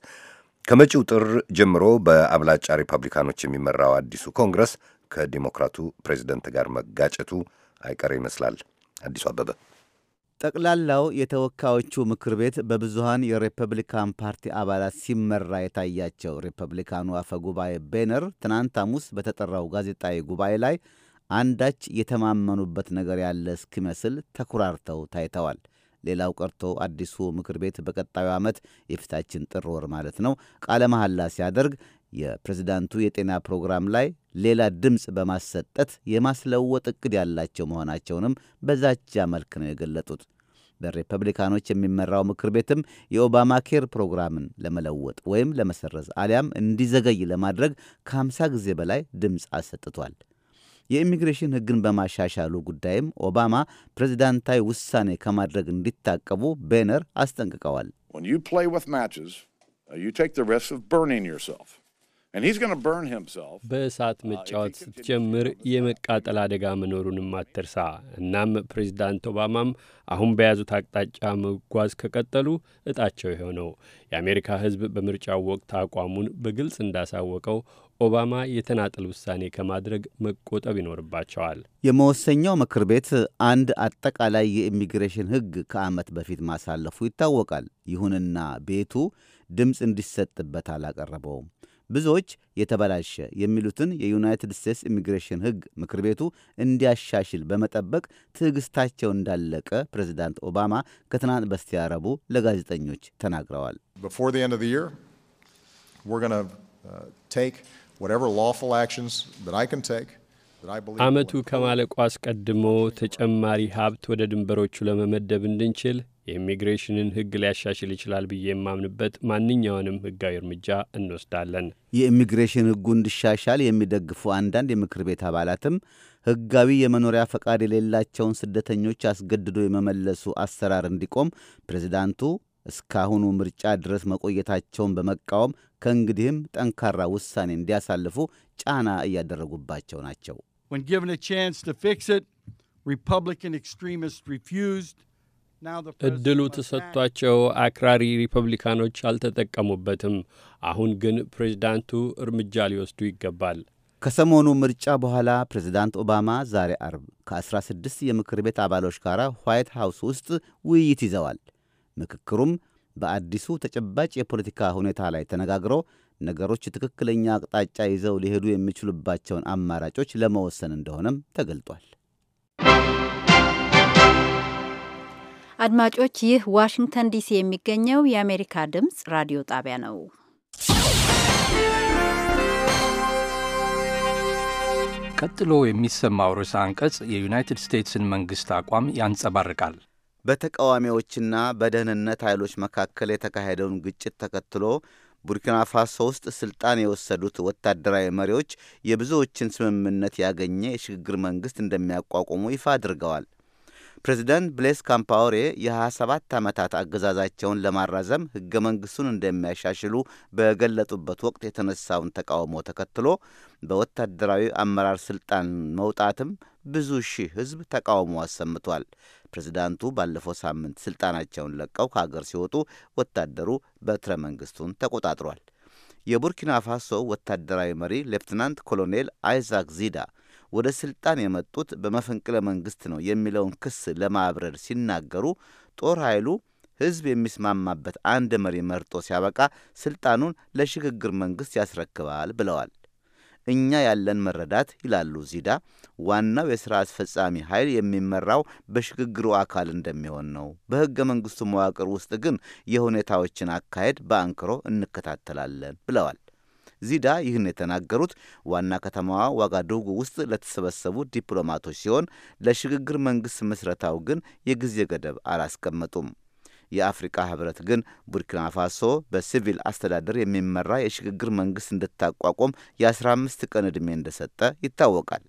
ከመጪው ጥር ጀምሮ በአብላጫ ሪፐብሊካኖች የሚመራው አዲሱ ኮንግረስ ከዲሞክራቱ ፕሬዚደንት ጋር መጋጨቱ አይቀር ይመስላል። አዲሱ አበበ ጠቅላላው የተወካዮቹ ምክር ቤት በብዙሃን የሪፐብሊካን ፓርቲ አባላት ሲመራ የታያቸው ሪፐብሊካኑ አፈ ጉባኤ ቤነር ትናንት ሐሙስ በተጠራው ጋዜጣዊ ጉባኤ ላይ አንዳች የተማመኑበት ነገር ያለ እስኪመስል ተኩራርተው ታይተዋል። ሌላው ቀርቶ አዲሱ ምክር ቤት በቀጣዩ ዓመት የፊታችን ጥር ወር ማለት ነው ቃለ መሐላ ሲያደርግ የፕሬዝዳንቱ የጤና ፕሮግራም ላይ ሌላ ድምፅ በማሰጠት የማስለወጥ እቅድ ያላቸው መሆናቸውንም በዛቻ መልክ ነው የገለጡት። በሪፐብሊካኖች የሚመራው ምክር ቤትም የኦባማ ኬር ፕሮግራምን ለመለወጥ ወይም ለመሰረዝ አሊያም እንዲዘገይ ለማድረግ ከ50 ጊዜ በላይ ድምፅ አሰጥቷል። የኢሚግሬሽን ሕግን በማሻሻሉ ጉዳይም ኦባማ ፕሬዝዳንታዊ ውሳኔ ከማድረግ እንዲታቀቡ ቤነር አስጠንቅቀዋል። በእሳት uh, መጫወት ስትጀምር የመቃጠል አደጋ መኖሩንም አትርሳ። እናም ፕሬዚዳንት ኦባማም አሁን በያዙት አቅጣጫ መጓዝ ከቀጠሉ እጣቸው የሆነው የአሜሪካ ሕዝብ በምርጫው ወቅት አቋሙን በግልጽ እንዳሳወቀው ኦባማ የተናጠል ውሳኔ ከማድረግ መቆጠብ ይኖርባቸዋል። የመወሰኛው ምክር ቤት አንድ አጠቃላይ የኢሚግሬሽን ሕግ ከዓመት በፊት ማሳለፉ ይታወቃል። ይሁንና ቤቱ ድምፅ እንዲሰጥበት አላቀረበውም። ብዙዎች የተበላሸ የሚሉትን የዩናይትድ ስቴትስ ኢሚግሬሽን ሕግ ምክር ቤቱ እንዲያሻሽል በመጠበቅ ትዕግስታቸው እንዳለቀ ፕሬዚዳንት ኦባማ ከትናንት በስቲያ ረቡዕ ለጋዜጠኞች ተናግረዋል። ዓመቱ uh, ከማለቁ አስቀድሞ ተጨማሪ ሀብት ወደ ድንበሮቹ ለመመደብ እንድንችል የኢሚግሬሽንን ሕግ ሊያሻሽል ይችላል ብዬ የማምንበት ማንኛውንም ሕጋዊ እርምጃ እንወስዳለን። የኢሚግሬሽን ሕጉ እንዲሻሻል የሚደግፉ አንዳንድ የምክር ቤት አባላትም ሕጋዊ የመኖሪያ ፈቃድ የሌላቸውን ስደተኞች አስገድዶ የመመለሱ አሰራር እንዲቆም ፕሬዚዳንቱ እስካሁኑ ምርጫ ድረስ መቆየታቸውን በመቃወም ከእንግዲህም ጠንካራ ውሳኔ እንዲያሳልፉ ጫና እያደረጉባቸው ናቸው። እድሉ ተሰጥቷቸው አክራሪ ሪፐብሊካኖች አልተጠቀሙበትም። አሁን ግን ፕሬዚዳንቱ እርምጃ ሊወስዱ ይገባል። ከሰሞኑ ምርጫ በኋላ ፕሬዚዳንት ኦባማ ዛሬ አርብ ከ16 የምክር ቤት አባሎች ጋር ዋይት ሃውስ ውስጥ ውይይት ይዘዋል። ምክክሩም በአዲሱ ተጨባጭ የፖለቲካ ሁኔታ ላይ ተነጋግረው ነገሮች ትክክለኛ አቅጣጫ ይዘው ሊሄዱ የሚችሉባቸውን አማራጮች ለመወሰን እንደሆነም ተገልጧል። አድማጮች፣ ይህ ዋሽንግተን ዲሲ የሚገኘው የአሜሪካ ድምፅ ራዲዮ ጣቢያ ነው። ቀጥሎ የሚሰማው ርዕሰ አንቀጽ የዩናይትድ ስቴትስን መንግሥት አቋም ያንጸባርቃል። በተቃዋሚዎችና በደህንነት ኃይሎች መካከል የተካሄደውን ግጭት ተከትሎ ቡርኪና ፋሶ ውስጥ ስልጣን የወሰዱት ወታደራዊ መሪዎች የብዙዎችን ስምምነት ያገኘ የሽግግር መንግሥት እንደሚያቋቁሙ ይፋ አድርገዋል። ፕሬዚደንት ብሌስ ካምፓወሬ የ27 ዓመታት አገዛዛቸውን ለማራዘም ሕገ መንግሥቱን እንደሚያሻሽሉ በገለጡበት ወቅት የተነሳውን ተቃውሞ ተከትሎ በወታደራዊ አመራር ስልጣን መውጣትም ብዙ ሺህ ሕዝብ ተቃውሞ አሰምቷል። ፕሬዚዳንቱ ባለፈው ሳምንት ስልጣናቸውን ለቀው ከአገር ሲወጡ ወታደሩ በትረ መንግሥቱን ተቆጣጥሯል። የቡርኪና ፋሶ ወታደራዊ መሪ ሌፍትናንት ኮሎኔል አይዛክ ዚዳ ወደ ስልጣን የመጡት በመፈንቅለ መንግስት ነው የሚለውን ክስ ለማብረር ሲናገሩ ጦር ኃይሉ ህዝብ የሚስማማበት አንድ መሪ መርጦ ሲያበቃ ስልጣኑን ለሽግግር መንግስት ያስረክባል ብለዋል። እኛ ያለን መረዳት ይላሉ ዚዳ፣ ዋናው የሥራ አስፈጻሚ ኃይል የሚመራው በሽግግሩ አካል እንደሚሆን ነው። በሕገ መንግሥቱ መዋቅር ውስጥ ግን የሁኔታዎችን አካሄድ በአንክሮ እንከታተላለን ብለዋል። ዚዳ ይህን የተናገሩት ዋና ከተማዋ ዋጋዱጉ ውስጥ ለተሰበሰቡ ዲፕሎማቶች ሲሆን ለሽግግር መንግስት ምስረታው ግን የጊዜ ገደብ አላስቀመጡም። የአፍሪካ ህብረት ግን ቡርኪና ፋሶ በሲቪል አስተዳደር የሚመራ የሽግግር መንግስት እንድታቋቁም የ15 ቀን ዕድሜ እንደሰጠ ይታወቃል።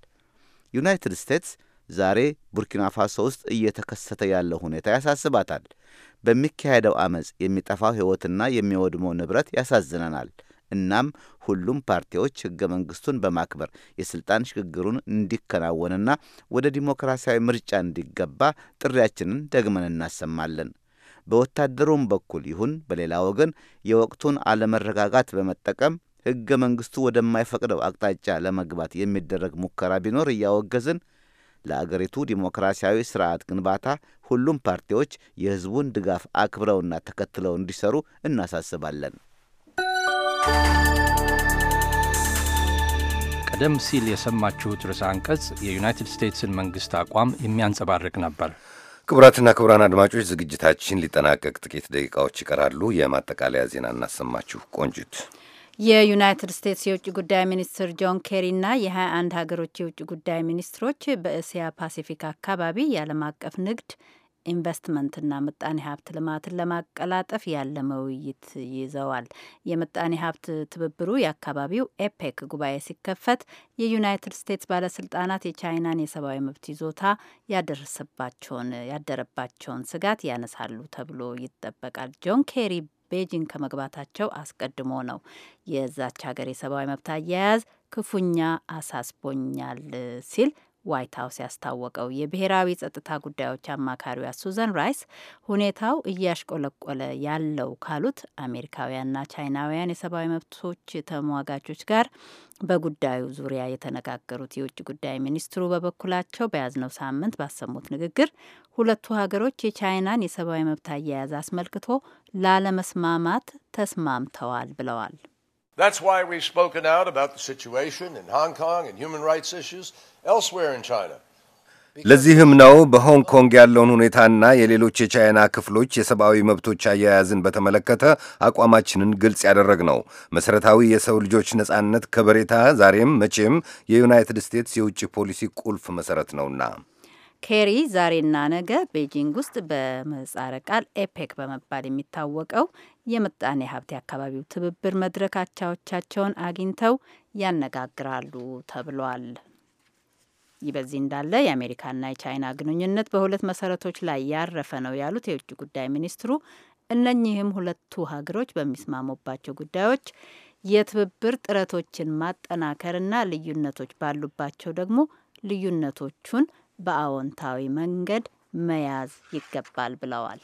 ዩናይትድ ስቴትስ ዛሬ ቡርኪና ፋሶ ውስጥ እየተከሰተ ያለው ሁኔታ ያሳስባታል። በሚካሄደው አመፅ የሚጠፋው ሕይወትና የሚወድመው ንብረት ያሳዝነናል። እናም ሁሉም ፓርቲዎች ህገ መንግስቱን በማክበር የስልጣን ሽግግሩን እንዲከናወንና ወደ ዲሞክራሲያዊ ምርጫ እንዲገባ ጥሪያችንን ደግመን እናሰማለን። በወታደሩም በኩል ይሁን በሌላ ወገን የወቅቱን አለመረጋጋት በመጠቀም ህገ መንግስቱ ወደማይፈቅደው አቅጣጫ ለመግባት የሚደረግ ሙከራ ቢኖር እያወገዝን ለአገሪቱ ዲሞክራሲያዊ ስርዓት ግንባታ ሁሉም ፓርቲዎች የሕዝቡን ድጋፍ አክብረውና ተከትለው እንዲሰሩ እናሳስባለን። ቀደም ሲል የሰማችሁት ርዕሰ አንቀጽ የዩናይትድ ስቴትስን መንግሥት አቋም የሚያንጸባርቅ ነበር። ክቡራትና ክቡራን አድማጮች ዝግጅታችን ሊጠናቀቅ ጥቂት ደቂቃዎች ይቀራሉ። የማጠቃለያ ዜና እናሰማችሁ። ቆንጅት የዩናይትድ ስቴትስ የውጭ ጉዳይ ሚኒስትር ጆን ኬሪና የ21 ሀገሮች የውጭ ጉዳይ ሚኒስትሮች በእስያ ፓሲፊክ አካባቢ የዓለም አቀፍ ንግድ ኢንቨስትመንትና ምጣኔ ሀብት ልማትን ለማቀላጠፍ ያለመ ውይይት ይዘዋል። የምጣኔ ሀብት ትብብሩ የአካባቢው ኤፔክ ጉባኤ ሲከፈት የዩናይትድ ስቴትስ ባለስልጣናት የቻይናን የሰብአዊ መብት ይዞታ ያደረሰባቸውን ያደረባቸውን ስጋት ያነሳሉ ተብሎ ይጠበቃል። ጆን ኬሪ ቤጂንግ ከመግባታቸው አስቀድሞ ነው የዛች ሀገር የሰብአዊ መብት አያያዝ ክፉኛ አሳስቦኛል ሲል ዋይት ሀውስ ያስታወቀው። የብሔራዊ ጸጥታ ጉዳዮች አማካሪዋ ሱዘን ራይስ ሁኔታው እያሽቆለቆለ ያለው ካሉት አሜሪካውያንና ቻይናውያን የሰብአዊ መብቶች ተሟጋቾች ጋር በጉዳዩ ዙሪያ የተነጋገሩት የውጭ ጉዳይ ሚኒስትሩ በበኩላቸው በያዝነው ሳምንት ባሰሙት ንግግር ሁለቱ ሀገሮች የቻይናን የሰብአዊ መብት አያያዝ አስመልክቶ ላለመስማማት ተስማምተዋል ብለዋል። That's why we've spoken out about the situation in Hong Kong and human rights issues elsewhere in China. ለዚህም ነው በሆንግ ኮንግ ያለውን ሁኔታና የሌሎች የቻይና ክፍሎች የሰብአዊ መብቶች አያያዝን በተመለከተ አቋማችንን ግልጽ ያደረግ ነው። መሠረታዊ የሰው ልጆች ነጻነት ከበሬታ ዛሬም መቼም የዩናይትድ ስቴትስ የውጭ ፖሊሲ ቁልፍ መሠረት ነውና። ኬሪ ዛሬና ነገ ቤጂንግ ውስጥ በምህጻረ ቃል ኤፔክ በመባል የሚታወቀው የምጣኔ ሀብት የአካባቢው ትብብር መድረክ አቻዎቻቸውን አግኝተው ያነጋግራሉ ተብሏል። ይህ በዚህ እንዳለ የአሜሪካና የቻይና ግንኙነት በሁለት መሰረቶች ላይ ያረፈ ነው ያሉት የውጭ ጉዳይ ሚኒስትሩ እነኚህም ሁለቱ ሀገሮች በሚስማሙባቸው ጉዳዮች የትብብር ጥረቶችን ማጠናከርና ልዩነቶች ባሉባቸው ደግሞ ልዩነቶቹን በአዎንታዊ መንገድ መያዝ ይገባል ብለዋል።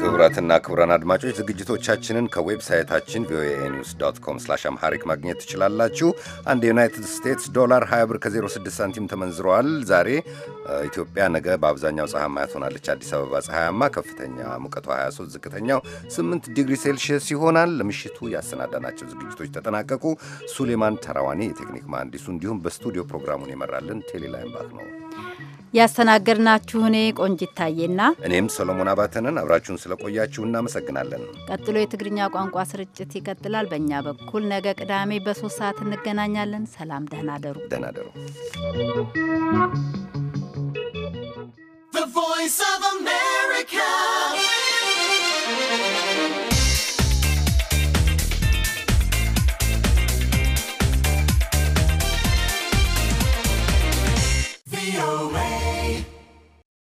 ክቡራትና ክቡራን አድማጮች ዝግጅቶቻችንን ከዌብሳይታችን ቪኦኤ ኒውስ ዶት ኮም ስላሽ አምሃሪክ ማግኘት ትችላላችሁ። አንድ የዩናይትድ ስቴትስ ዶላር 20 ብር ከ06 ሳንቲም ተመንዝረዋል። ዛሬ ኢትዮጵያ ነገ በአብዛኛው ፀሐያማ ትሆናለች። አዲስ አበባ ፀሐያማ፣ ከፍተኛ ሙቀቷ 23፣ ዝቅተኛው 8 ዲግሪ ሴልሺየስ ይሆናል። ለምሽቱ ያሰናዳናቸው ዝግጅቶች ተጠናቀቁ። ሱሌማን ተራዋኔ የቴክኒክ መሐንዲሱ፣ እንዲሁም በስቱዲዮ ፕሮግራሙን የመራልን ቴሌላይምባክ ነው። ያስተናገድናችሁ እኔ ቆንጅ ታዬና እኔም ሰሎሞን አባተንን። አብራችሁን ስለቆያችሁ እናመሰግናለን። ቀጥሎ የትግርኛ ቋንቋ ስርጭት ይቀጥላል። በእኛ በኩል ነገ ቅዳሜ በሶስት ሰዓት እንገናኛለን። ሰላም፣ ደህና ደሩ። ደህና ደሩ። voice of America